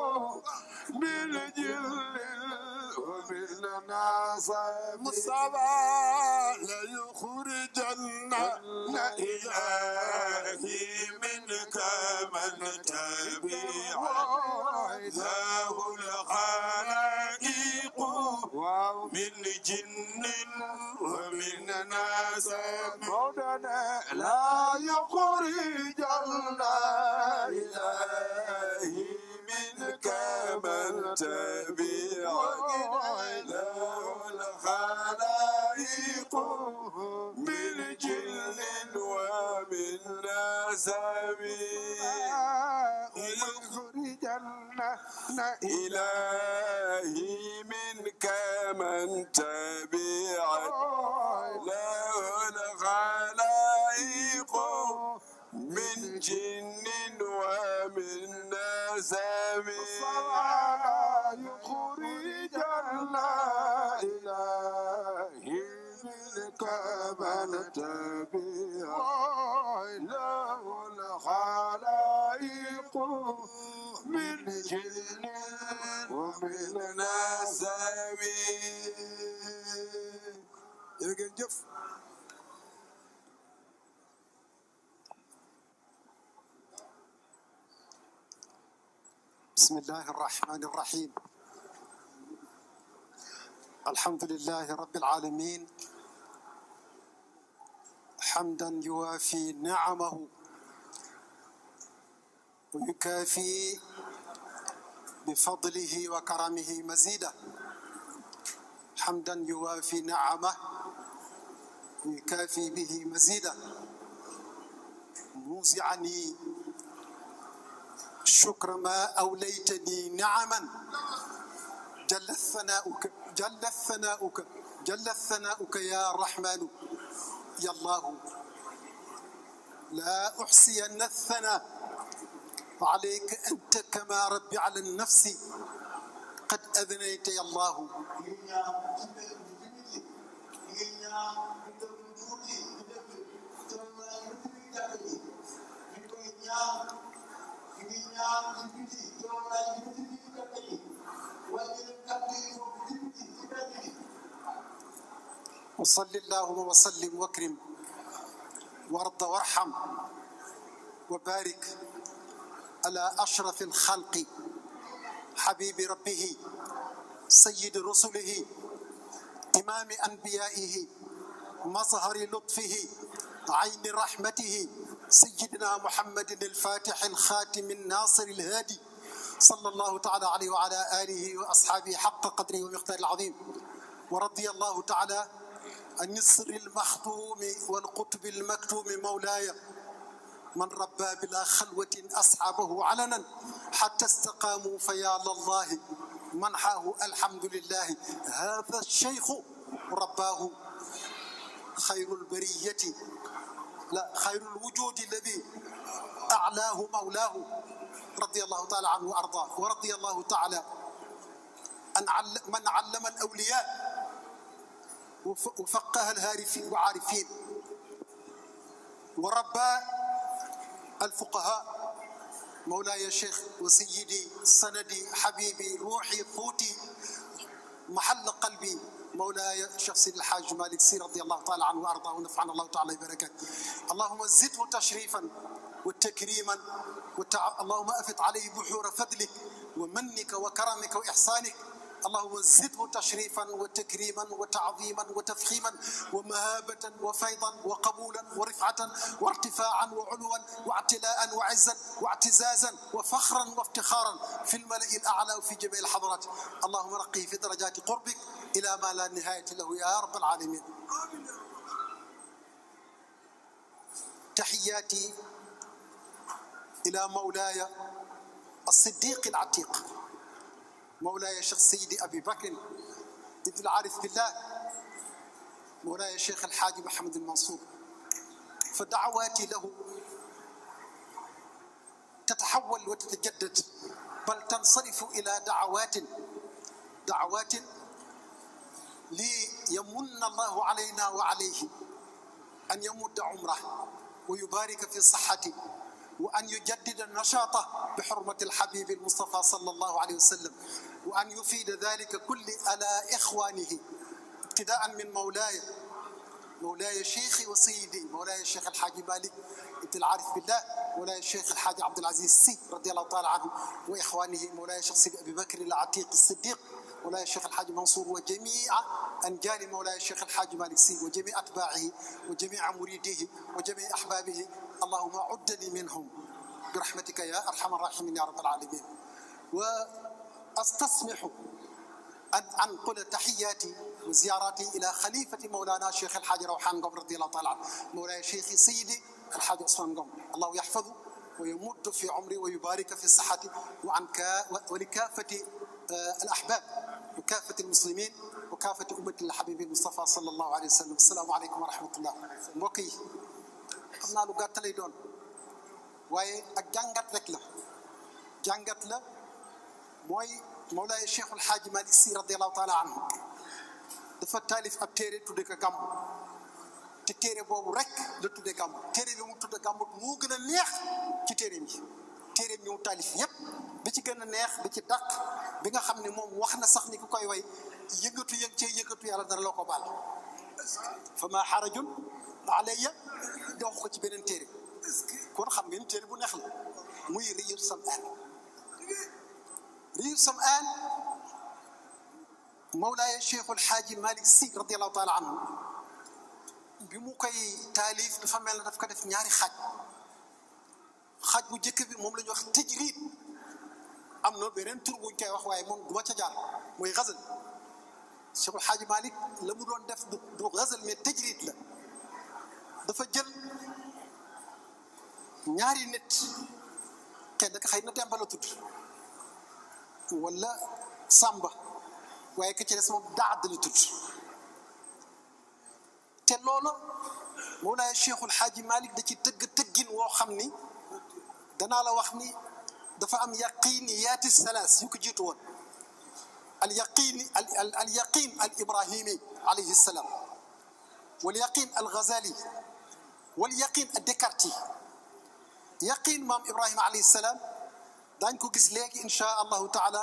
بالجل ومننا مصطفى لا يخرجن إلهي منك من تبيع له الخلائق من جن ومن ناس مولانا لا يخرجن إلهي كمن تبعني له الخلائق من جل ومن نسب لأخرجنك إلهي منك من تبعني له الخلائق من جن ومن زمين الصلاة يخرج لا إله منك بل تبيع له الخلائق من جن ومن نسب jërëjëf بسم الله الرحمن الرحيم الحمد لله رب العالمين حمدا يوافي نعمه ويكافي بفضله وكرمه مزيدا حمدا يوافي نعمه ويكافي به مزيدا موزعني شكر ما أوليتني نعما جل ثناؤك جل ثناؤك جل ثناؤك يا رحمن يا الله لا أحصين الثناء عليك أنت كما ربي على النفس قد أذنيت يا الله Yeah. ngi ñaan ci biti ñoom laay biti biti kàddu yi waaye ñeneen kàddu yi moom biti biti ci kàddu yi. وصل اللهم وسلم واكرم وارض وارحم وبارك على اشرف الخلق حبيب ربه سيد رسله امام انبيائه مظهر لطفه عين رحمته سيدنا محمد الفاتح الخاتم الناصر الهادي صلى الله تعالى عليه وعلى آله وأصحابه حق قدره ومقداره العظيم ورضي الله تعالى عن السر المحتوم والقطب المكتوم مولاي من ربى بلا خلوة أصحابه علنا حتى استقاموا فيا لله منحاه الحمد لله هذا الشيخ رباه خير البرية la xayrul wujudi alladi alaahu mawlaahu radiyallahu taala anhu wa ardaahu wa radiyallahu taala an man allama al awliya wa faqaha al aarifin wa rabba al fuqaha مولاي الشيخ وسيدي سندي حبيبي روحي قوتي محل قلبي مولاي الشيخ سيدي الحاج مالك سي رضي الله تعالى عنه وارضاه ونفعنا الله تعالى ببركاته اللهم زده تشريفا وتكريما والتع... اللهم افت عليه بحور فضلك ومنك وكرمك واحسانك اللهم زده تشريفا وتكريما وتعظيما وتفخيما ومهابة وفيضا وقبولا ورفعة وارتفاعا وعلوا واعتلاء وعزا واعتزازا وفخرا وافتخارا في الملأ الأعلى وفي جميع الحضرات اللهم رقيه في درجات قربك إلى ما لا نهاية له يا رب العالمين تحياتي إلى مولاي الصديق العتيق مولاي الشيخ سيدي أبي بكر ابن العارف بالله مولاي الشيخ الحاج محمد المنصور فدعواتي له تتحول وتتجدد بل تنصرف إلى دعوات دعوات ليمن الله علينا وعليه أن يمد عمره ويبارك في صحته وأن يجدد نشاطه بحرمة الحبيب المصطفى صلى الله عليه وسلم وأن يفيد ذلك كل على إخوانه ابتداء من مولاي مولاي شيخي وسيدي مولاي الشيخ الحاج مالك انت العارف بالله مولاي الشيخ الحاج عبد العزيز السي رضي الله تعالى عنه واخوانه مولاي الشيخ سيدي ابي بكر العتيق الصديق مولاي الشيخ الحاج منصور وجميع أنجال مولاي الشيخ الحاج مالك سي وجميع أتباعه وجميع مريديه وجميع أحبابه اللهم عد لي منهم برحمتك يا أرحم الراحمين يا رب العالمين وأستسمح أن أنقل تحياتي وزياراتي إلى خليفة مولانا الشيخ الحاج روحان قمر رضي الله تعالى عنه مولاي شيخي سيدي الحاج عثمان قمر الله يحفظه ويمد في عمري ويبارك في صحتي وعن كا ولكافة الأحباب وكافة المسلمين وكافة أمة الحبيب المصطفى صلى الله عليه وسلم السلام عليكم ورحمة الله mbokk yi xam naa lu gàtt lay doon waaye ak jàngat rek la jàngat la mooy Mawlaay Cheikh El Hadj Malick Sy radiyallahu taala anhu dafa taalif ab téere tudde ko gàmmu te téere boobu rek la tudde gàmmu téere li mu tudde gàmmu moo gën a neex ci téere mi téere mi mu taalif yépp bi ci gën a neex bi ci dàq bi nga xam ne moom wax na sax ni ku koy way yëngatu yëg cee yëngatu yàlla dara loo ko baal fa ma xarajun alayya dox ko ci beneen téere kon xam ngeen téere bu neex la muy riyu samaan riyu samaan mawlaaya cheikh alxaaji malik si radiallahu taala anhu bi mu koy taalif dafa mel na daf ko def ñaari xaaj xaaj bu jëkk bi moom la ñuy wax tajrid am na beneen tur buñ koy wax waaye moom du ma ca jaar mooy xasal Cheikhul Xaaji Malik la mu doon def du du xasal mais tajrid la dafa jël ñaari nit kenn ka xëy na Demba la tudd wala Samba waaye ka ci des moom daad la tudd te loola Mawlaaya Cheikhul Xaaji Malik da ci tëgg tëggin woo xam ni danaa la wax ni. dafa am yaqiniyaati salaas yu ko jiitu woon al yaqin al al yaqin al ibrahimi alayhi salaam wal yaqin al ghazali wal yaqin al descartes yaqin maam ibrahima alayhi salaam daañ ko gis léegi insha allahu taala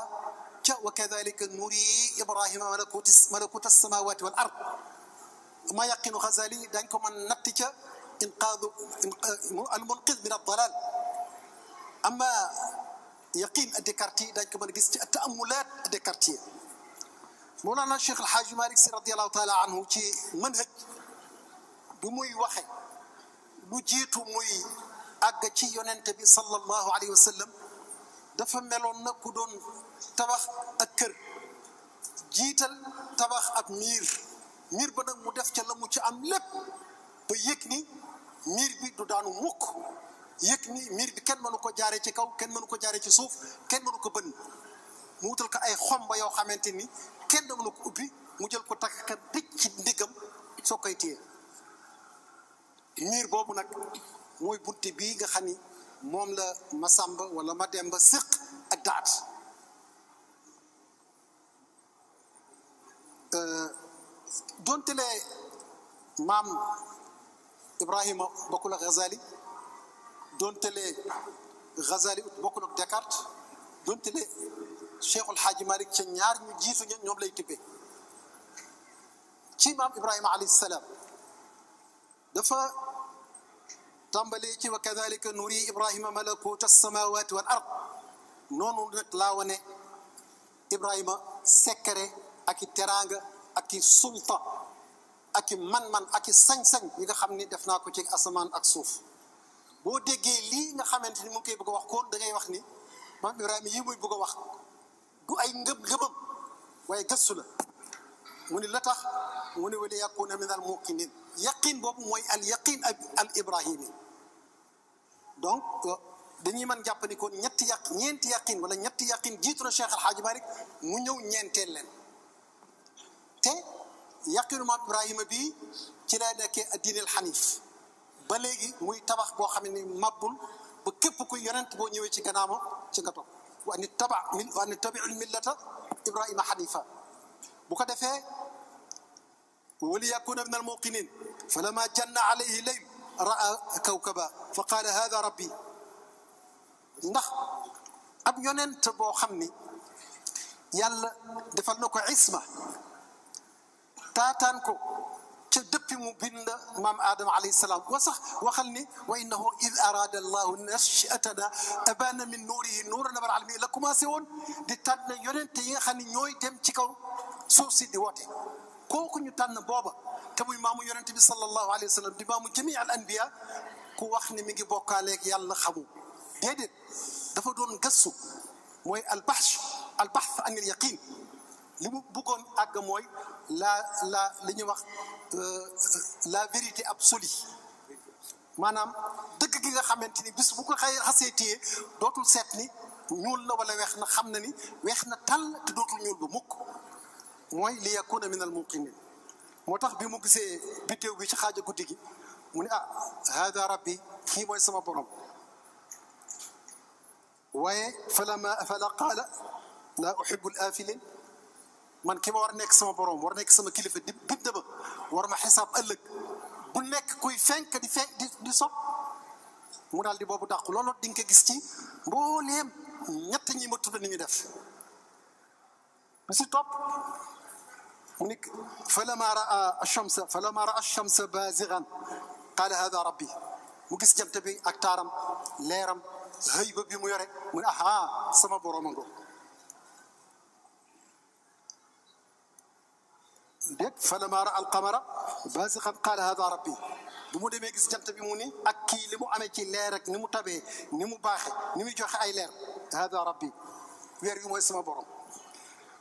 ca wa kadalika nuri ibrahima malakut malakut alsamawati wal ard ma yaqinu ghazali daañ ko mën natti ca inqaadu al munqid min al dalal amma yaqin a Descartes daañu ko mën a gis ci taamulaat a Descartes Mawlana Cheikh El Hadj Malick Sy radiyallahu taala anhu ci manhaj bu muy waxe lu jiitu muy àgg ci yonent bi sallallahu alayhi wa sallam dafa meloon na ku doon tabax ak kër jiital tabax ak miir miir ba nag mu def ca la mu ci am lépp ba yëg ni miir bi du daanu mukk yëg ni miir bi kenn mënu ko jaaree ci kaw kenn mënu ko jaare ci suuf kenn mënu ko bënn mu wutal ko ay xomba yoo xamante ni kenn mënu ko ubbi mu jël ko takk ka tëj ci ndiggam soo koy téye miir boobu nag mooy bunte bii nga xam ni moom la Masamba wala Mademba sëq ak daat euh, donte le maam Ibrahima bokkul ak Ghazali donte lee Ghazali ut bokkul ak Descartes donte lee Cheikhul Xaaji Malik ca ñaar ñu jiitu ñoom lay tibbee ci maam Ibrahima alayhi salaam dafa tàmbalee ci wa kadalika nuri Ibrahima malakuta samawati wal ard noonu nag laa wane Ibrahima sekkare ak i teraanga ak i sulta ak i man-man ak i sañ-sañ yi nga xam ni def naa ko ci asamaan ak suuf boo déggee lii nga xamante ni mu ngi koy bëgg wax kon da wax ni maam Ibrahima yii muy bëgg a wax du ay ngëb ngëbam waaye gëstu la mu ne la tax mu ne wala na min al muqinin yaqin boobu mooy al yaqin ak al ibrahimi donc euh, dañuy mën jàppandikoon ñetti yàq ñeenti yaqin wala ñetti yaqin jiitu na Cheikh Alhaaji Malik mu ñëw ñeenteel leen te yaqinu maam Ibrahima bi ci lay nekkee diin al xanif ba léegi muy tabax boo xam ne mabbul ba képp kuy yonent boo ñëwee ci gannaama ci nga toog wa ni taba mi wa ni ibrahima hanifa bu ko defee wali yakuna min al muqinin falamma janna alayhi layl raa kawkaba fa qaala hada rabbi ndax ab yonent boo xam ni yàlla defal na ko isma taataan ko te depuis mu bind maam Adama alayhi salaam wa sax waxal ni wa innahu id arada allahu nashatana abana min nuurihi nuuran rabbil alamin la commencé woon di tànn yonente yi nga xam ne ñooy dem ci kaw suuf si di woote kooku ñu tànn booba te muy maamu yonente bi sallallahu alayhi wa sallam di maamu jami al ku wax ne mi ngi bokkaaleeg yàlla xamu déedéet dafa doon gëstu mooy albaxsh albaxth yaqin li mu bëggoon àgg mooy la li ñuy wax Euh, euh, la vérité absolue maanaam dëgg gi nga xamante ni bis bu ko xay xasee téye dootul seet ni ñuul la wala weex na xam na ni weex na tal te dootul ñuul ba mukk mooy li yakuna min al moo tax bi mu gisee bitéew bi ci xaaja guddi gi mu ne ah hada rabbi kii mooy sama borom waaye falama afala qaala laa uhibbu al man ki ma war nekk sama borom war nekk sama kilifa di bind war ma xisaab ëllëg bu nekk kuy fenk di fenk di mu daal boobu dàqu loolu di nga ko gis ci mbooleem ñett ñi ma tudd ni ñu def bi si topp mu ni falamma raa raa ash-shamsa baazighan qaala hada rabbi mu gis jant bi ak taaram leeram hëy ba bi mu yore mu ne aha sama borooma dégg falammaa ra'a al-qamara baazighan qaala haadaa rabbii bu mu demee gis jant bi mu ni ak kii li mu amee ci leer rek ni mu tabee ni mu baaxe ni muy joxe ay leer haadaa rabbii weer yu mooy sama borom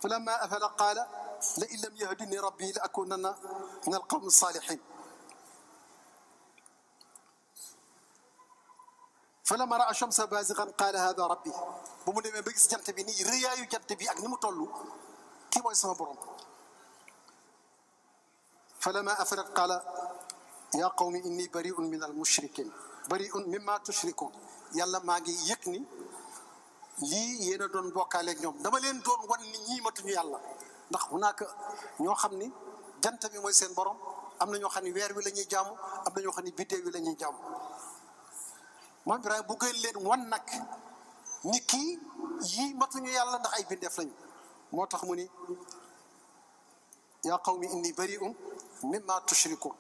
falammaa afala qaala la in lam yahdinii rabbii la akuunanna min al-qawmi as-saalihiin falammaa ra'a ash-shamsa baazighan qaala haadaa rabbii bu mu demee ba gis jant bi ni rëyaayu jant bi ak ni mu toll kii mooy sama borom فلما أفلت قال يا قوم إني بريء من المشركين بريء مما تشركون yàlla maa ngi yëg ni lii yéen a doon bokkaaleeg ñoom dama leen doon wan ni ñii matuñu yàlla ndax hunaaka ñoo xam ni jant bi mooy seen borom am na ñoo xam ni weer wi la ñuy jaamu am na ñoo xam ni biddéew wi lañuy ñuy jaamu moom Ibrahima bu gën leen wan nag ni kii yii matuñu yàlla ndax ay bindeef lañu moo tax mu ni yaa qawmi inni bari'un mimma tushriku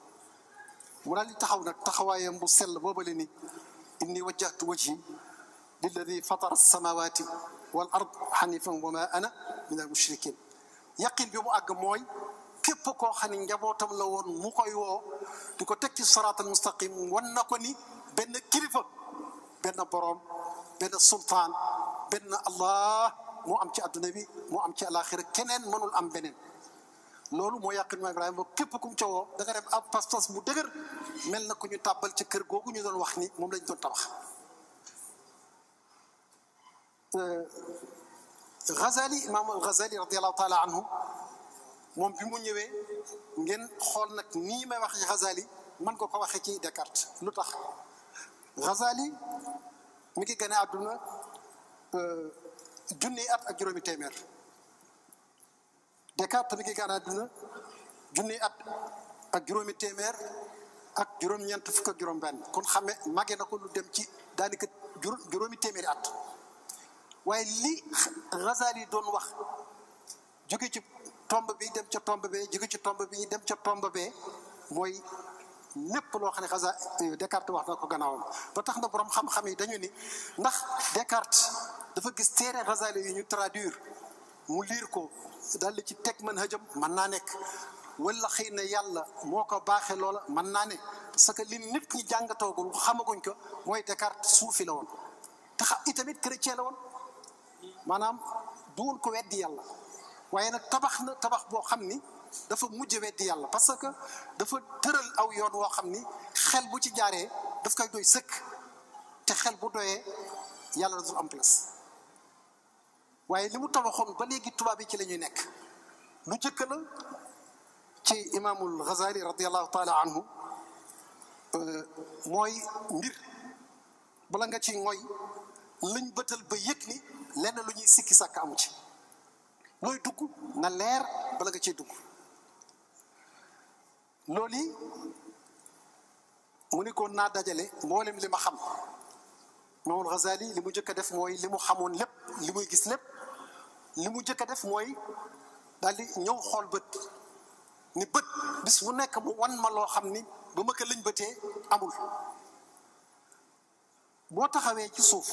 mu daal di taxaw nag taxawaayam bu sell boobale ni inni wajjahtu wajhi lilladi fatara samawati wal ard xanifan wa ana min al mushrikin yaqin bi mu àgg mooy képp ko xam ne njabootam la woon mu koy woo di ko teg ci siraatal mustaqim wan na ko ni benn kilifa benn borom benn sultaan benn allah moo am ci adduna bi moo am ci alaxira keneen mënul am beneen loolu moo yàq ni ma Ibrahima képp kum ca woo da nga dem ab pas-pas mu dëgër mel na ku ñu tàbbal ci kër googu ñu doon wax ni moom lañ doon tabax euh, Ghazali imaam al-Ghazali radiyallahu taala anhu moom bi mu ñëwee ngeen xool nag nii may wax ci Ghazali man ko ko waxee ci Descartes lu tax Ghazali mi ngi gane àdduna euh, junni at ak juróomi téeméer décarte mi ngi gane àdduna junni at ak juróomi téeméer ak juróom-ñeent fukk ak juróom-benn kon xame màggee na ko lu dem ci daanaka juróomi téeméeri at waaye li Ghazali doon wax jóge ci tomb bi dem ca tomb bee jóge ci tomb bi dem ca tomb bee mooy lépp loo xam ne Ghazali euh, décarte wax na ko gannaawam ba tax na borom xam-xam yi dañu ni ndax décarte dafa gis téere Ghazali yi ñu traduire. mu liir ko dal di ci teg man hëjam mën naa nekk walla xëy na yàlla moo ko baaxee loola man naa ne parce que li nit ñi jàngatoogul xamaguñ ko mooy Descartes suufi la woon te xam itamit chrétien la woon maanaam du woon ko weddi yàlla waaye nag tabax na tabax boo xam ni dafa mujj weddi yàlla parce que dafa tëral aw yoon woo xam ni xel bu ci jaaree daf koy doy sëkk te xel bu doyee yàlla dootul am place waaye li mu tabaxoon ba léegi tubaab yi ci la ñuy nekk lu jëkk ci imaamul Ghazali radiallahu taala anhu euh, mooy mbir bala nga ci mooy lañ bëtal ba yëg ni lenn lu ñuy sikki sàkk amu ci looy dugg na leer bala nga ciy dugg loolu yi mu ni ko naa dajale mboolem li ma xam imaamul Ghazali li mu jëkk a def mooy li mu xamoon lépp li muy gis lépp li mu jëkk a def mooy daal ñëw xool bët ni bët bis bu nekk mu wan ma loo xam ni ba ma ko lëñbëtee amul boo taxawee ci suuf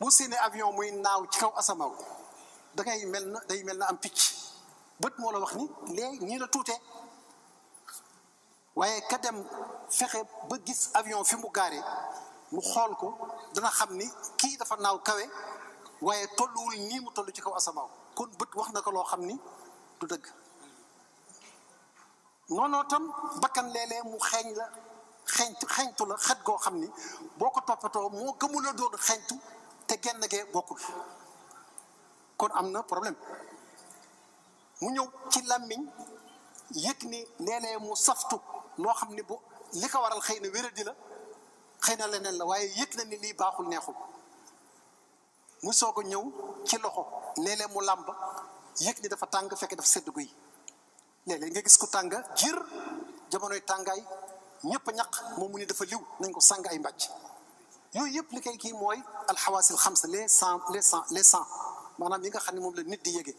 boo séenee avion muy naaw ci kaw asamaaw dangay mel na day mel na am picc bët moo la wax ni lee ñii la tuute waaye ka dem fexe ba gis avion fi mu gaare mu xool ko dana xam ni kii dafa naaw kawe waaye tolluwul nii mu toll ci kaw asamaaw kon bët wax na ko loo xam ni du dëgg noonoo tam bakkan léeg mu xeeñ la xeeñtu xeeñtu la xet goo xam ni boo ko toppatoo moo gëmul a doon xeeñtu te genn gee bokkul kon am na problème mu ñëw ci làmmiñ yëg ni léeg-léeg mu saftu loo xam ni bu li ko waral xëy na wéradi la xëy na leneen la waaye yëg na ni lii baaxul neexul mu soog a ñëw ci loxo léeg mu làmb yëg ni dafa tàng fekk dafa sedd guy léeg-léeg nga gis ko tàng jir jamonoy tàngaay ñëpp a ñaq moom mu ni dafa liw nañ ko sàng ay mbàcc yooyu yëpp li koy kii mooy alxawaasil xamsa les cent les cent les cent maanaam yi nga xam ne moom la nit di yëge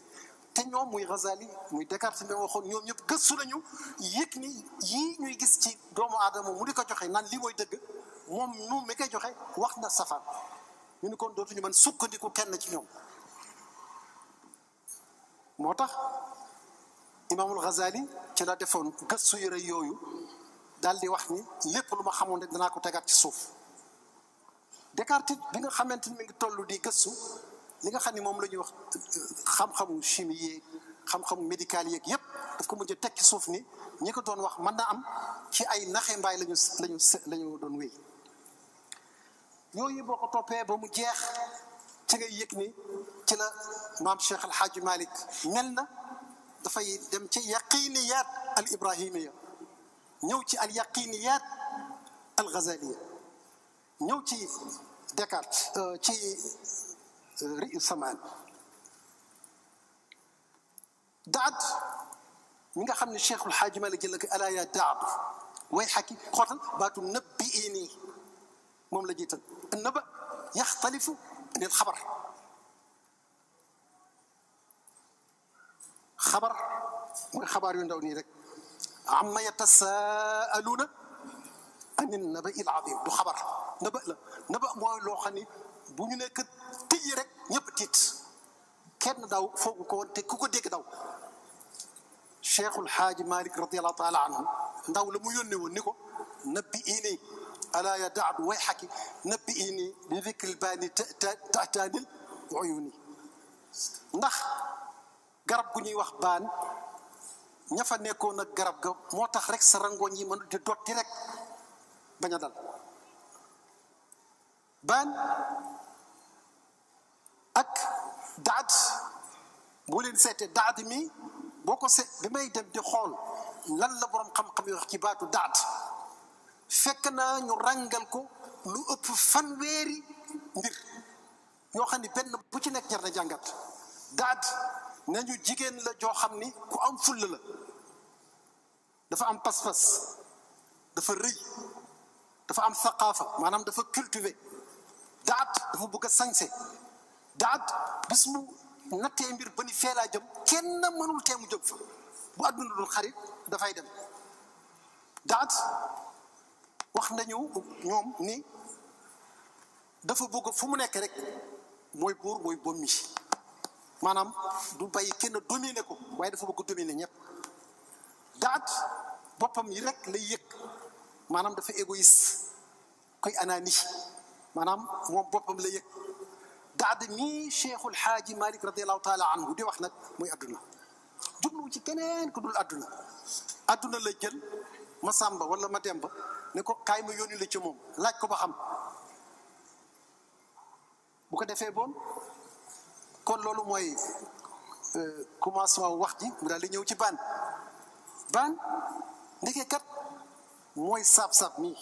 te ñoom muy Ghazali muy Descartes mi waxoon ñoom ñëpp gëstu nañu yëg ni yii ñuy gis ci doomu aadama mu di ko joxe nan lii mooy dëgg moom nu mi koy joxe wax na safar ñu ni kon dootuñu mën sukkandiku kenn ci ñoom moo tax imaamul Ghazali ci la defoon gëstu yu yooyu daal di wax ni lépp lu ma xamoon rek danaa ko tegaat ci suuf Descartes bi nga xamante ni mi ngi toll di gëstu li nga xam ni moom la ñuy wax xam-xamu chimie yeeg xam-xamu médical yeeg yépp daf ko mujj teg ci suuf ni ñi ko doon wax mën na am ci ay naxe mbaay lañu lañu lañu doon wéy yooyu boo ko toppee ba mu jeex ci ngay ni ci la maam Cheikh El Hadj Malick mel na dafay dem ci yaqiniyaat al ibrahimiya ñëw ci al yaqiniyaat al ghazaliya ñëw ci Descartes euh, ci euh, riu samaan daad mi nga xam ne Cheikh El Hadj Malick jël ko ala yaa daad way xaki xootal baatu nëbbi nii moom la jiital annaba yaxtalifu anil xabar xabar mooy xabaar yu ndaw nii rek amma yatasaaluuna anil naba il azim du xabar naba la naba mooy loo xam ne bu ñu nekk tëj rek ñëpp kenn daw foogu ko woon te ku ko dégg daw cheikhul xaaji malik radiallahu taala anhu ndaw la mu yónne woon ni ko nabbi ini alaa ya daadu way xaki nabbi i nii li dikril baani tahtaanil uyuni ndax garab gu ñuy wax baan ña fa nekkoon ak garab ga moo tax rek sa rangoñ yi mën di dotti rek bañ a dal baan ak daad boo leen seetee daad mi boo ko seet bi may dem di xool lan la borom xam-xam yi wax ci baatu daad fekk naa ñu ràngal ko lu ëpp fanweeri mbir yoo xam ni benn bu ci nekk jar na jàngat daat nañu jigéen la joo xam ni ku am fulla la dafa am pas dafa rëy dafa am saqaafa maanaam dafa cultivé daat dafa bëgg a sañse daat bis mu nattee mbir ba ni feelaa jëm kenn mënul teemu jëm fa bu àdduna dul xarit dafay dem daat wax na nañu ñoom ni dafa bëgg fu mu nekk rek mooy buur mooy bommi maanaam du bàyyi kenn dominer ko waaye dafa bëgg dominer ñëpp daat boppam yi rek lay yëg maanaam dafa égoïste koy anaani maanaam moom boppam la yëg daad mii cheikhul xaaji malik radiallahu taala anhu de wax nag muy adduna jublu ci keneen ku dul adduna adduna la jël ma sàmba wala ma demba ne ko kaay ma yónni la ci moom laaj ko ba xam bu ko defee boom kon loolu mooy euh, commencement wax ji mu daal di ñëw ci baan baan ndeke kat mooy saab-saab mii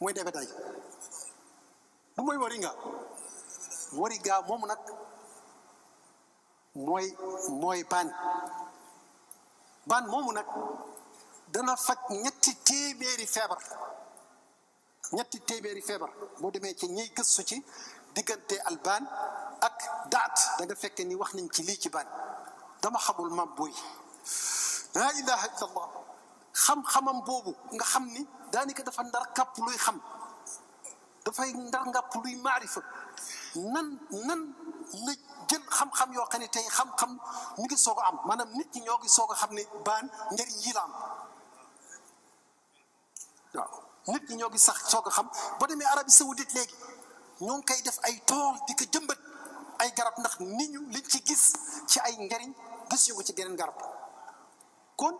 mooy nebedaay bu mooy moringa moringa moom nag mooy mooy baan baan moomu nag dana faj ñetti téeméeri feebar ñetti téeméeri feebar boo demee ci ñiy gëstu ci diggante albaan ak daat da nga fekke ni wax nañ ci lii ci baan dama xamul mam booy laa ilaha illa xam-xamam boobu nga xam ni daanaka dafa ndar kàpp luy xam dafay ndar ngàpp luy maarifa nan nan la jël xam-xam yoo xam ne tey xam-xam ñu ngi soog a am maanaam nit ñi ñoo ngi soog a xam ne baan njëriñ yi waaw nit ñi ñoo ngi sax soo ko xam boo demee Arabie Saoudite léegi ñoo ngi koy def ay tool di ko jëmbat ay garab ndax nit ñu liñ ci gis ci ay njariñ gis ñu ko ci geneen garab kon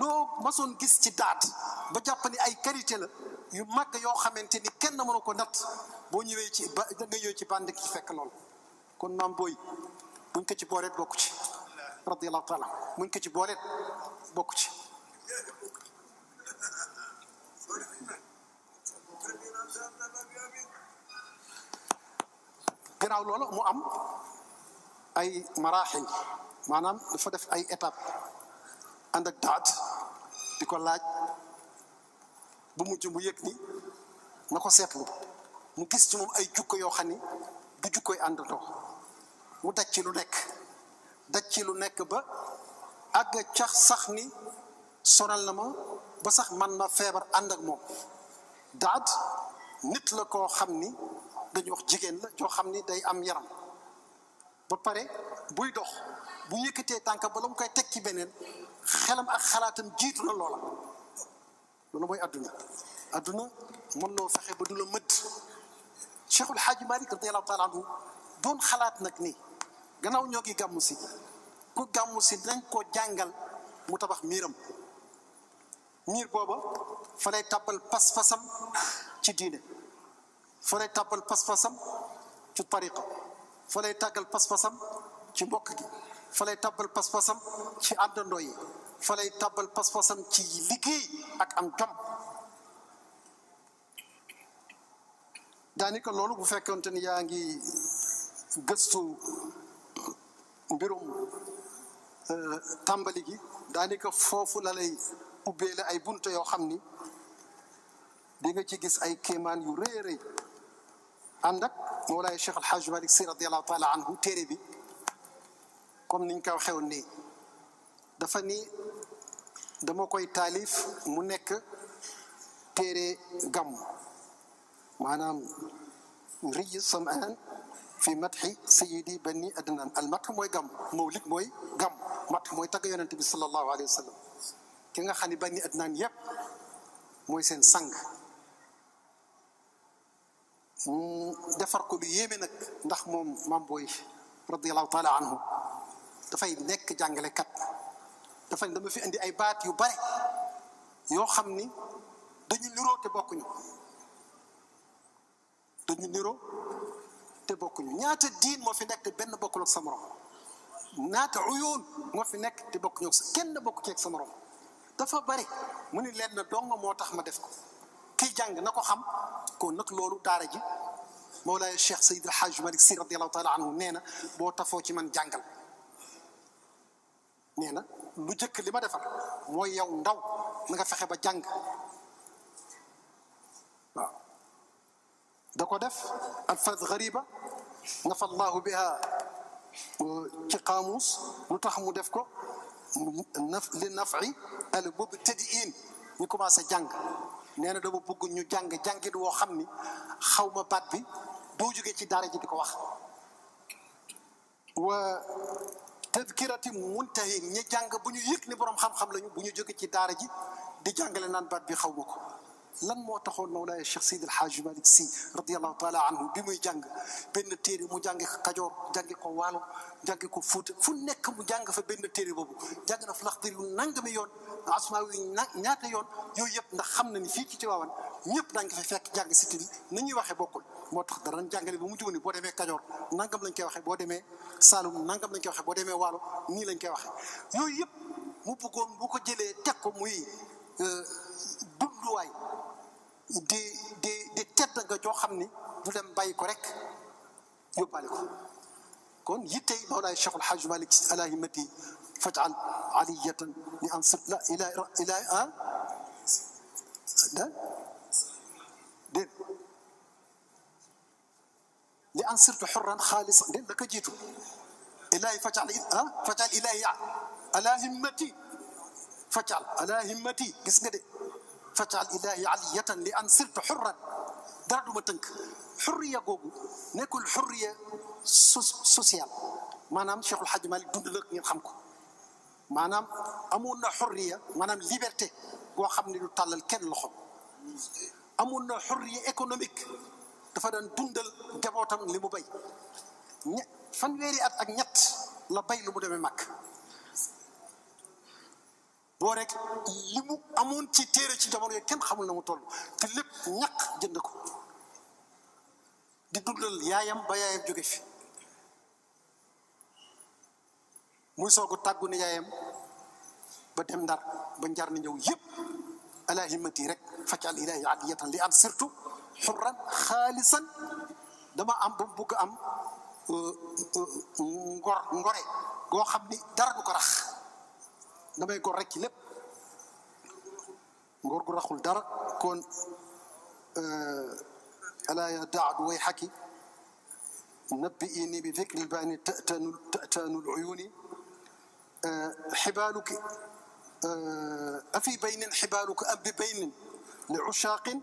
loo masoon gis ci daat ba jàpp ni ay karité la yu mag yoo xamante ni kenn mënu ko natt boo ñëwee ci ba da nga ñëw ci bànd ki fekk lool kon maam booy buñ ko ci booleet bokku ci radiallahu taala muñ ko ci booleet bokku ci gannaaw loola mu am ay maraaxil maanaam dafa def ay étape ànd ak daat di ko laaj bu mujj mu yëg ni na ko seetlu mu gis ci moom ay jukko yoo xam ni du jukkoy àndandoo mu daj ci lu nekk daj ci lu nekk ba àgg cax sax ni sonal na ma ba sax man na feebar ànd ak moom daad nit la koo xam ni dañuy wax jigéen la joo xam ni day am yaram ba pare buy dox bu yëkkatee tànk bala mu koy teg ci beneen xelam ak xalaatam jiitu na loola loolu mooy adduna adduna mën loo fexe ba du la mëdd doon xalaat nag nii gannaaw ñoo ngi gàmmu si ku gàmmu si dinañ koo jàngal mu tabax miiram miir booba fa lay tàbbal pas-pasam ci diine fa lay tàbbal pas-pasam ci tariqa fa lay tàggal pas-pasam ci mbokk gi fa lay tàbbal pas-pasam ci àndandoo yi fa lay tàbbal pas-pasam ci liggéey ak am jom daandika loolu bu fekkonte ni yaa ngi gëstu mbirum euh, tàmbali gi daanaka foofu la lay ay bunte yoo xam ni di nga ci gis ay kéemaan yu rëy a ànd ak Mawlaay Cheikh El Hadj Malick Sy radiyallahu téere bi comme niñ ko waxee woon nii dafa ni dama koy taalif mu nekk téere gàmm maanaam riji samaan fi matxi sayidi bani adnan al matx mooy gàmm mawlid mooy gàmm matx mooy tagg yonente bi sallallahu alayhi wa sallam ki nga xam ne bani adnan yépp mooy seen sang defar ko lu yéeme nag ndax moom maam booy radiallahu taala dafay nekk jàngalekat dafa ne dama fi indi ay baat yu bari yoo xam ni dañu niroo te bokkuñu dañu niroo te bokkuñu ñaata diin moo fi nekk te benn bokkul ak sa morom ñaata uyuun moo fi nekk te bokkuñu sa kenn bokku ci ak sa morom dafa bari mu ni leen na dong moo tax ma def ko kii jàng na ko xam kon nag loolu daara ji Mawlaay Cheikh Seydi El Hadj Malick Sy radiyallahu taala anhu nee na boo tafoo ci man jàngal nee na lu jëkk li ma defar mooy yow ndaw na nga fexe ba jàng waaw da ko def alfaz gariba nafa allahu biha uh, ci qaamuus lu tax mu def ko naf li nafi al mubtadiin ñu commencé jàng nee na dama bëgg ñu jàng jàngit woo xam ni xaw ma baat bi boo jógee ci daara ji di ko wax wa tadkirati muntahin ñi jàng bu ñu yëg ni boroom xam-xam lañu bu ñu jógee ci daara ji di jàngale naan baat bi xaw ma ko lan moo taxoon Mawlaaya Cheikh Seydi El Hadji Malick Sy radiyallahu taala anhu bi muy jàng benn téere mu jàngi ko Kajoor jàngi ko Waalo jàngi ko Fuuta fu nekk mu jàng fa benn téere boobu jàng na fa Laxdari yu nangami yoon asmaa yu ñaata yoon yooyu yëpp ndax xam na ni fii ci Tiwaawan ñëpp dañ ko fekk jàng si bi ñuy waxee bokkul moo tax dara jàngale ba mu jublu boo demee Kajoor nangam lañ koy waxee boo demee Saalum nangam lañ koy waxee boo demee Waalo nii lañ koy waxee yooyu yëpp mu bëggoon bu ko jëlee teg ko muy euh, dunduwaay di di di tedd joo xam ni du dem bàyyi ko rek yóbbaale ko kon yittey Mawlaay Cheikh El Hadj Malick si alaahimati ala himmati fajal ah, ala himmati gis nga fajal ilahi aliyatan li an sirtu xurran dara du ma tënk xurriya googu nekkul xurriya sociale maanaam Cheikhul Hadj Malick dund la ngeen xam ko maanaam amoon na xurriya maanaam liberté boo xam ne du tàllal kenn loxo amoon na xurriya économique dafa daan dundal jabootam li mu bay ñe fanweeri at ak ñett la bay lu mu demee màkk boo rek li mu amoon ci téere ci jamono yooyu kenn xamul na mu toll te lépp ñàkk jënd ko di dundal yaayam ba yaayam jóge fi muy soog a tàggu ne yaayam ba dem ndar ba njar ni ñëw yëpp ala himmati rek facal ilahi adiyatan li am surtout xurran xaalisan dama am ba mu bugg am euh, euh, ngor ngore goo xam ni dara du ko rax damay gor rek ci lépp ngor gu raxul dara kon euh, alaa ya daadu way xaki nabbi ini bi dicri lbaani tatanu tatanu luyuuni euh, xibaaluki euh, afi baynin xibaaluka am bi baynin li ushaaqin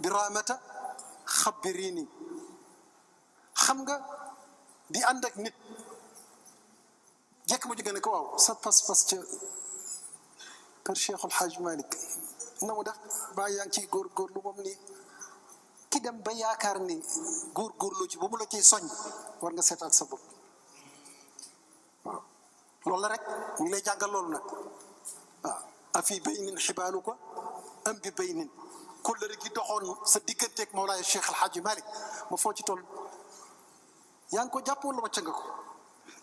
bi raamata xabiriini xam nga di ànd nit jekk mu jigéen ne ko sa pas-pas kër Cheikhul Hadj Malick na mu def baa yaa ngi ciy góorgóorlu moom ni ki dem ba yaakaar ni lu ci ba mu la ciy soñ war nga seetaat sa bopp la rek ñu ngi lay jàngal loolu nag waaw afi baynin xibaalu ko am bi baynin kóllëre gi doxoon sa digganteeg Mawlaay Cheikh El Hadj Malick ma foo ci toll yaa ngi ko jàpp nga ko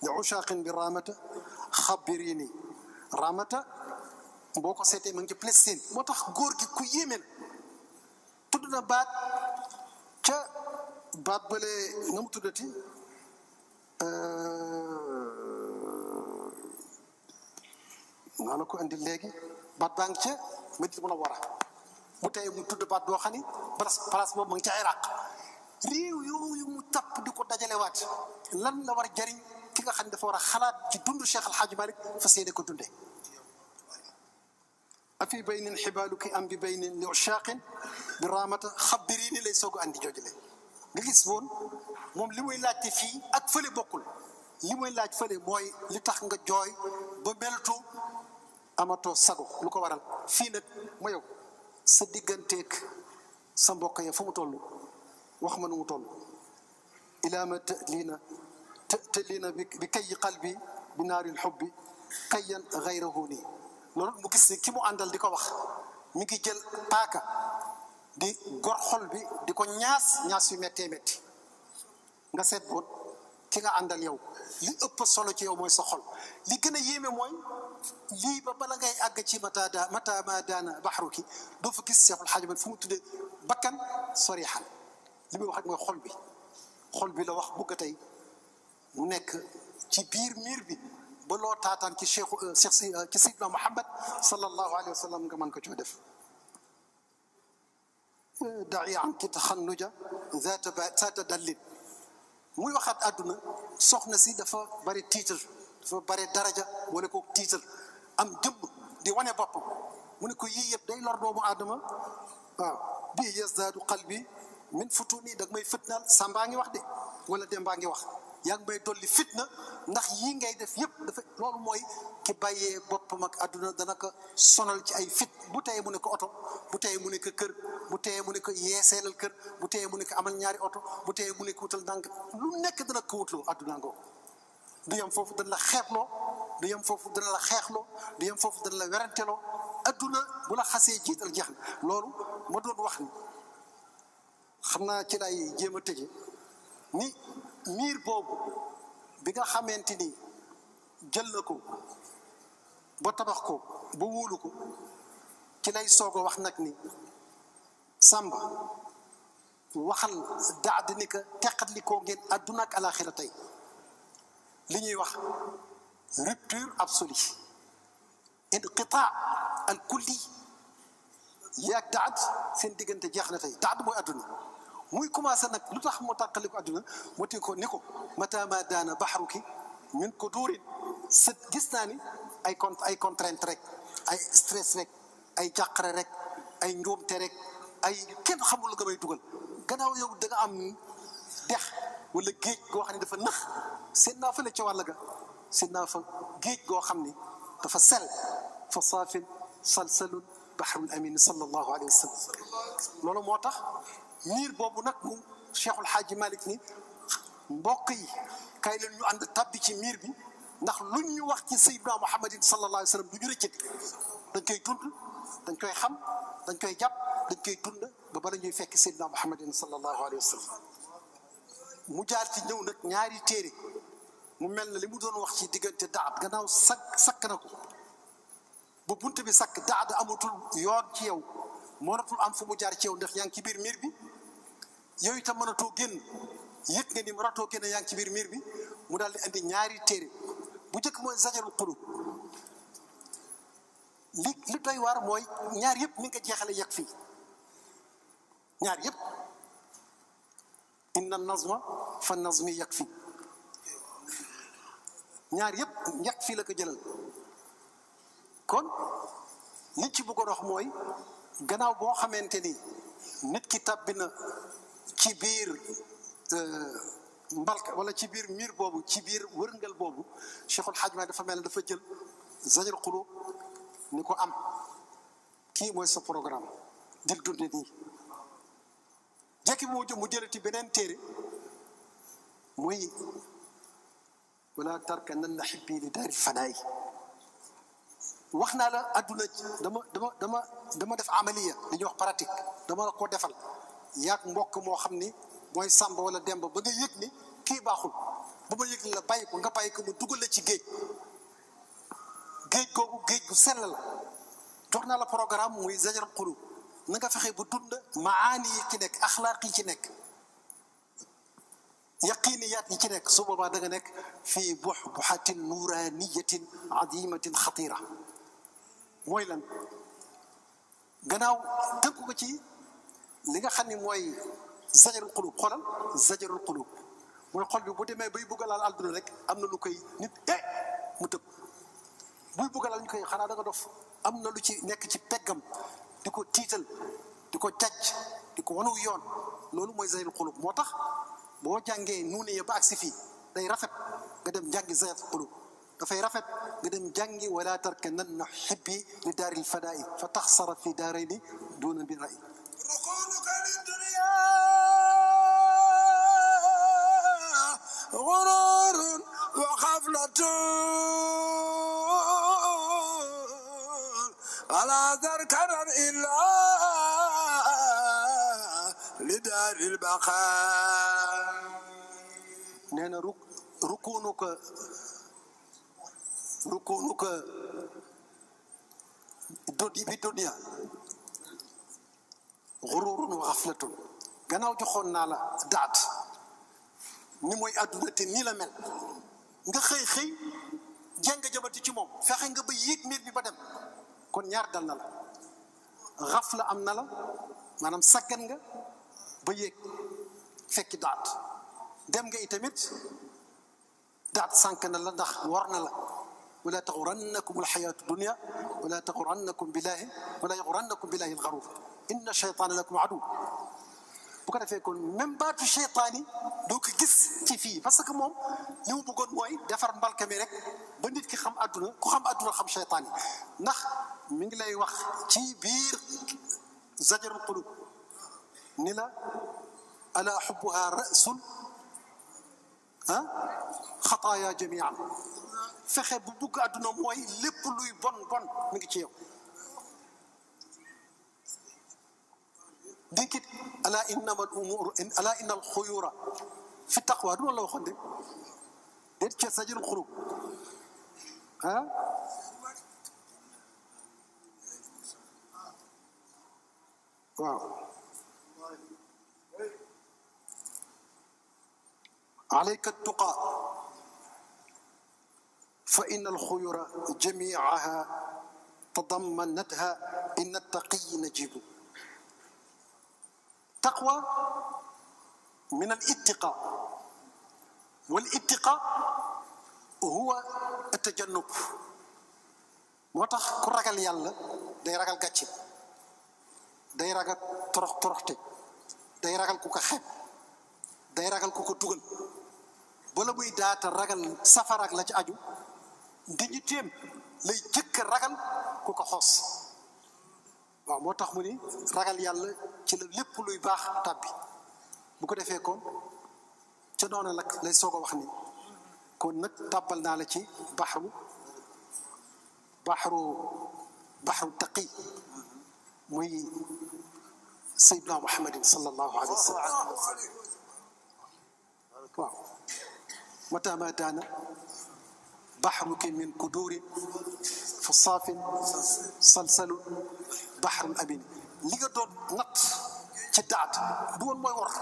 ya ushaqin bi ramata xabirini ramata boo ko seetee mu ngi ci Palestine moo tax góor gi ku yéeme la tudd na baat ca baat bële na mu tuddati euh, naa la ko indi léegi baat baa ngi ca Madina Munawwara bu tey mu tudd baat boo xam ni place place boobu mu ngi ca Iraq réew yooyu mu tapp di ko dajalewaat lan la war a jariñ ki nga xam ne dafa war a xalaat ci dund Cheikh Al Hadj Malick fas yéene ko dundee. afi baynin xibaaluki am bi baynin li ushaqin bi raamata xabiri ni lay soog a andi jooju lay gis woon moom li muy laajte fii ak fële bokkul li muy laaj fële mooy li tax nga jooy ba meltu amatoo sago lu ko waral fii nag ma yow sa digganteeg sa mbokk ya fu mu toll wax ma nu mu toll ilaa ma tëliina tëliina bi kay qalbi bi naaril xubbi kayan gayrahu nii loolu mu gis ni ki mu àndal di ko wax mi ngi jël paaka di gor xol bi di ko ñaas ñaas yu méttee metti nga seet boot ki nga àndal yow li ëpp solo ci yow mooy sa xol li gën a yéeme mooy lii ba bala ngay àgg ci mata ma daana baxaru ki doo fa gis seexul xaaj ba fu mu tuddee bakkan sori xal li muy wax rek mooy xol bi xol bi la wax bëgg tey mu nekk ci biir miir bi ba loo taataan ci cheikh euh, cheikh si euh, ci sidna Muhammad sallallahu alayhi wa sallam nga man ka coo def euh, da'i an ki taxannuja dallin muy waxaat àdduna soxna si dafa bari tiital dafa bari daraja wala ko tiital am jëmm di wane boppam mu ne ko yii yëpp day lor adama aadama waaw bi yazdaadu qalbi min futuni dag may fëtnaal sàmbaa ngi wax de wala dembaa ngi wax yaa ngi may dolli fitna ndax yii ngay def yëpp dafa loolu mooy ki bàyyee boppam ak àdduna dana ko sonal ci ay fit bu teye mu ne ko oto bu teye mu ne ko kër bu teye mu ne ko yeeseelal kër bu teye mu ne ko amal ñaari oto bu teye mu ne ko wutal ndànk lu nekk dana ko wutloo àdduna foofu dana la xeebloo du yem foofu dana la xeexloo du yem foofu dana la weranteloo adduna bu la xasee jiital jeex na loolu ma doon wax ni xam naa ci lay jéem a tëje ni miir boobu bi nga xamante ni jël na ko ba tabax ko ba wóolu ko ci lay soog wax nag ni sàmba waxal daad ni ka teqatlikoo ngeen àdduna ak alaxira tey li ñuy wax rupture absolue inqitaa al kulli yaag daad seen diggante jeex na tey daad mooy àdduna muy commencé nag lu tax mu tàqali ko adduna mu ti ko ni ko mata ma daana baxaru ki min ko duurin sët gis naa ni ay con ay contrainte rek ay stress rek ay jàqare rek ay njuumte rek ay kenn xamul la nga may dugal gannaaw yow da nga am dex wala géej goo xam ne dafa nëx seen naa fële ca wàll ga seen naa fa géej goo xam ne dafa sel fa saafin salsalun bahrul amin sallallahu alayhi wa loolu moo tax niir boobu nag mu Cheikhul Xaaji Malick ni mbokk yi kay leen ñu ànd tabbi ci miir bi ndax lu ñu wax ci Seydina Muhammadin sallallahu alayhi wa sallam du ñu rëccati dañ koy dund dañ koy xam dañ koy jàpp dañ koy dund ba bala ñuy fekk Seydina Muhammadin sallallahu alayhi wa sallam mu jaar ci ñëw nag ñaari téere mu mel na li mu doon wax ci diggante daat gannaaw sakk sakk na ko bu bunt bi sakk daat amatul yoon ci yow moonatul am fu mu jaar ci yow ndax yaa ngi ci biir miir bi yow itam mënatoo génn yëg nga ni mënatoo génn yaa ci biir miir bi mu daal di indi ñaari téere bu njëkk mooy zajarul xulub li li doy waar mooy ñaar yëpp mi nga jeexale yàq fi ñaar yëpp inna nazma fa nazmi yàq fii ñaar yëpp fii la ko jëlal kon nit ci bëggoon wax mooy gannaaw boo xamante ni nit ki tàbbi ci biir euh, mbalka wala ci biir miir boobu ci biir wërngal boobu Cheikhul Hadj Mahi dafa mel ne dafa jël zañal xulu ni ko am kii mooy sa programme dil dunde nii jekki mu mu jëlati beneen téere muy wala tarka nan na xibbi daari fanaay wax naa la adduna dama dama dama dama def amaliya li ñuy wax pratique dama la ko defal yàgg mbokk moo xam ni mooy sàmb wala demb ba nga yëg ni kii baaxul ba ma yëg ni la bàyyi ko nga bàyyi ko mu dugal ci géej géej googu géej gu sell la jox naa la programme muy zajar xulub na fexe bu dund maani yi ci nekk axlaaq yi ci nekk yaqiniyaat yi ci nekk su boobaa da nekk fii buxbuxatin nuuraaniyatin adimatin xatira mooy lan gannaaw tënk ko ci li nga xam ni mooy zajarul xulub xolal zajarul xulub mooy xol bi bu demee bay bugg laal àdduna rek am na lu koy nit eh mu tëb buy bugg laal ñu koy xanaa da nga dof am na lu ci nekk ci peggam di ko tiital di ko jàjj di ko wanuw yoon loolu mooy zajarul xulub moo tax boo jàngee nuune ya ba ak si fii day rafet nga dem jàngi zajarul xulub dafay rafet nga dem jàngi wala tarkananna xibbi li daaril fadaai fa taxsara fi daarayni duuna bi ray غرور وخفلة على ذكر إلا لدار البقاء نحن ركونك ركونك دودي بدنيا غرور وغفلة gannaaw joxoon naa la daat ni mooy àdduna te nii la mel nga xëy xëy jàng jabati ci moom fexe nga ba yéeg miir bi ba dem kon ñaar dal na la xaf am na la maanaam sakkan nga ba yéeg fekki daat dem nga itamit daat sànk na la ndax war na la wala taxurannakum alxayaatu dunia wala taxurannakum billahi wala yaxurannakum billahi alxarur inna cheytaana lakum adu bu ko defee kon même baatu seytaane yi doo ko gis ci fii parce que moom li mu bëggoon mooy defar mbalka mi rek ba nit ki xam àdduna ku xam àdduna xam seytaane yi ndax mi ngi lay wax ci biir zajarul qulub ni la ala xubbuha rasul ah xataaya jamian fexe bu bugg àdduna mooy lépp luy bon bon mi ngi ci yow dénkit ala innama al umuru ala inna al xuyura fi taqwa du loolu la waxoon de déet ca sajil xurub ah waaw alayka tuqa fa inna alxuyura jamiaha tadammanatha inna taqiyi najibu taqwa min al ittiqa wal ittiqa huwa tajannub moo tax ku ragal yàlla day ragal gàcce day ragal torox toroxte day ragal ku ko xeeb day ragal ku ko tugal bala muy daata ragal safaraak la ci aju ndiñu téem lay jëkk ragal ku ko xos waaw moo tax mu ni ragal yàlla ci la lépp luy baax tàbbi bu ko defee kon ca noona nag lay soog a wax ni kon nag tàbbal naa la ci baxru baxru baxru taqi muy sayyidna muhammadin sallallahu alayhi wa sallam waaw mata daana بحرك من كدور فصاف سلسل بحر أمين li nga doon natt ci daat du mooy war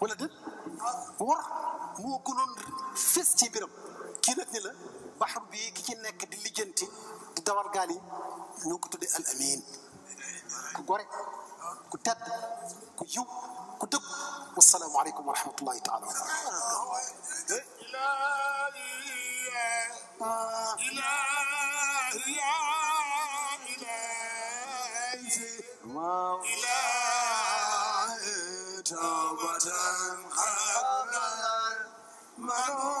wala déet war moo gënoon fés ci mbiram kii baxru bi ki ci nekk di lijjanti di dawal gaal yi ñoo ko al amin ku gore ku tedd ku yiw ku dëgg wasalaamu aleykum wa rahmatullahi taala إلهي توبة حقا من هو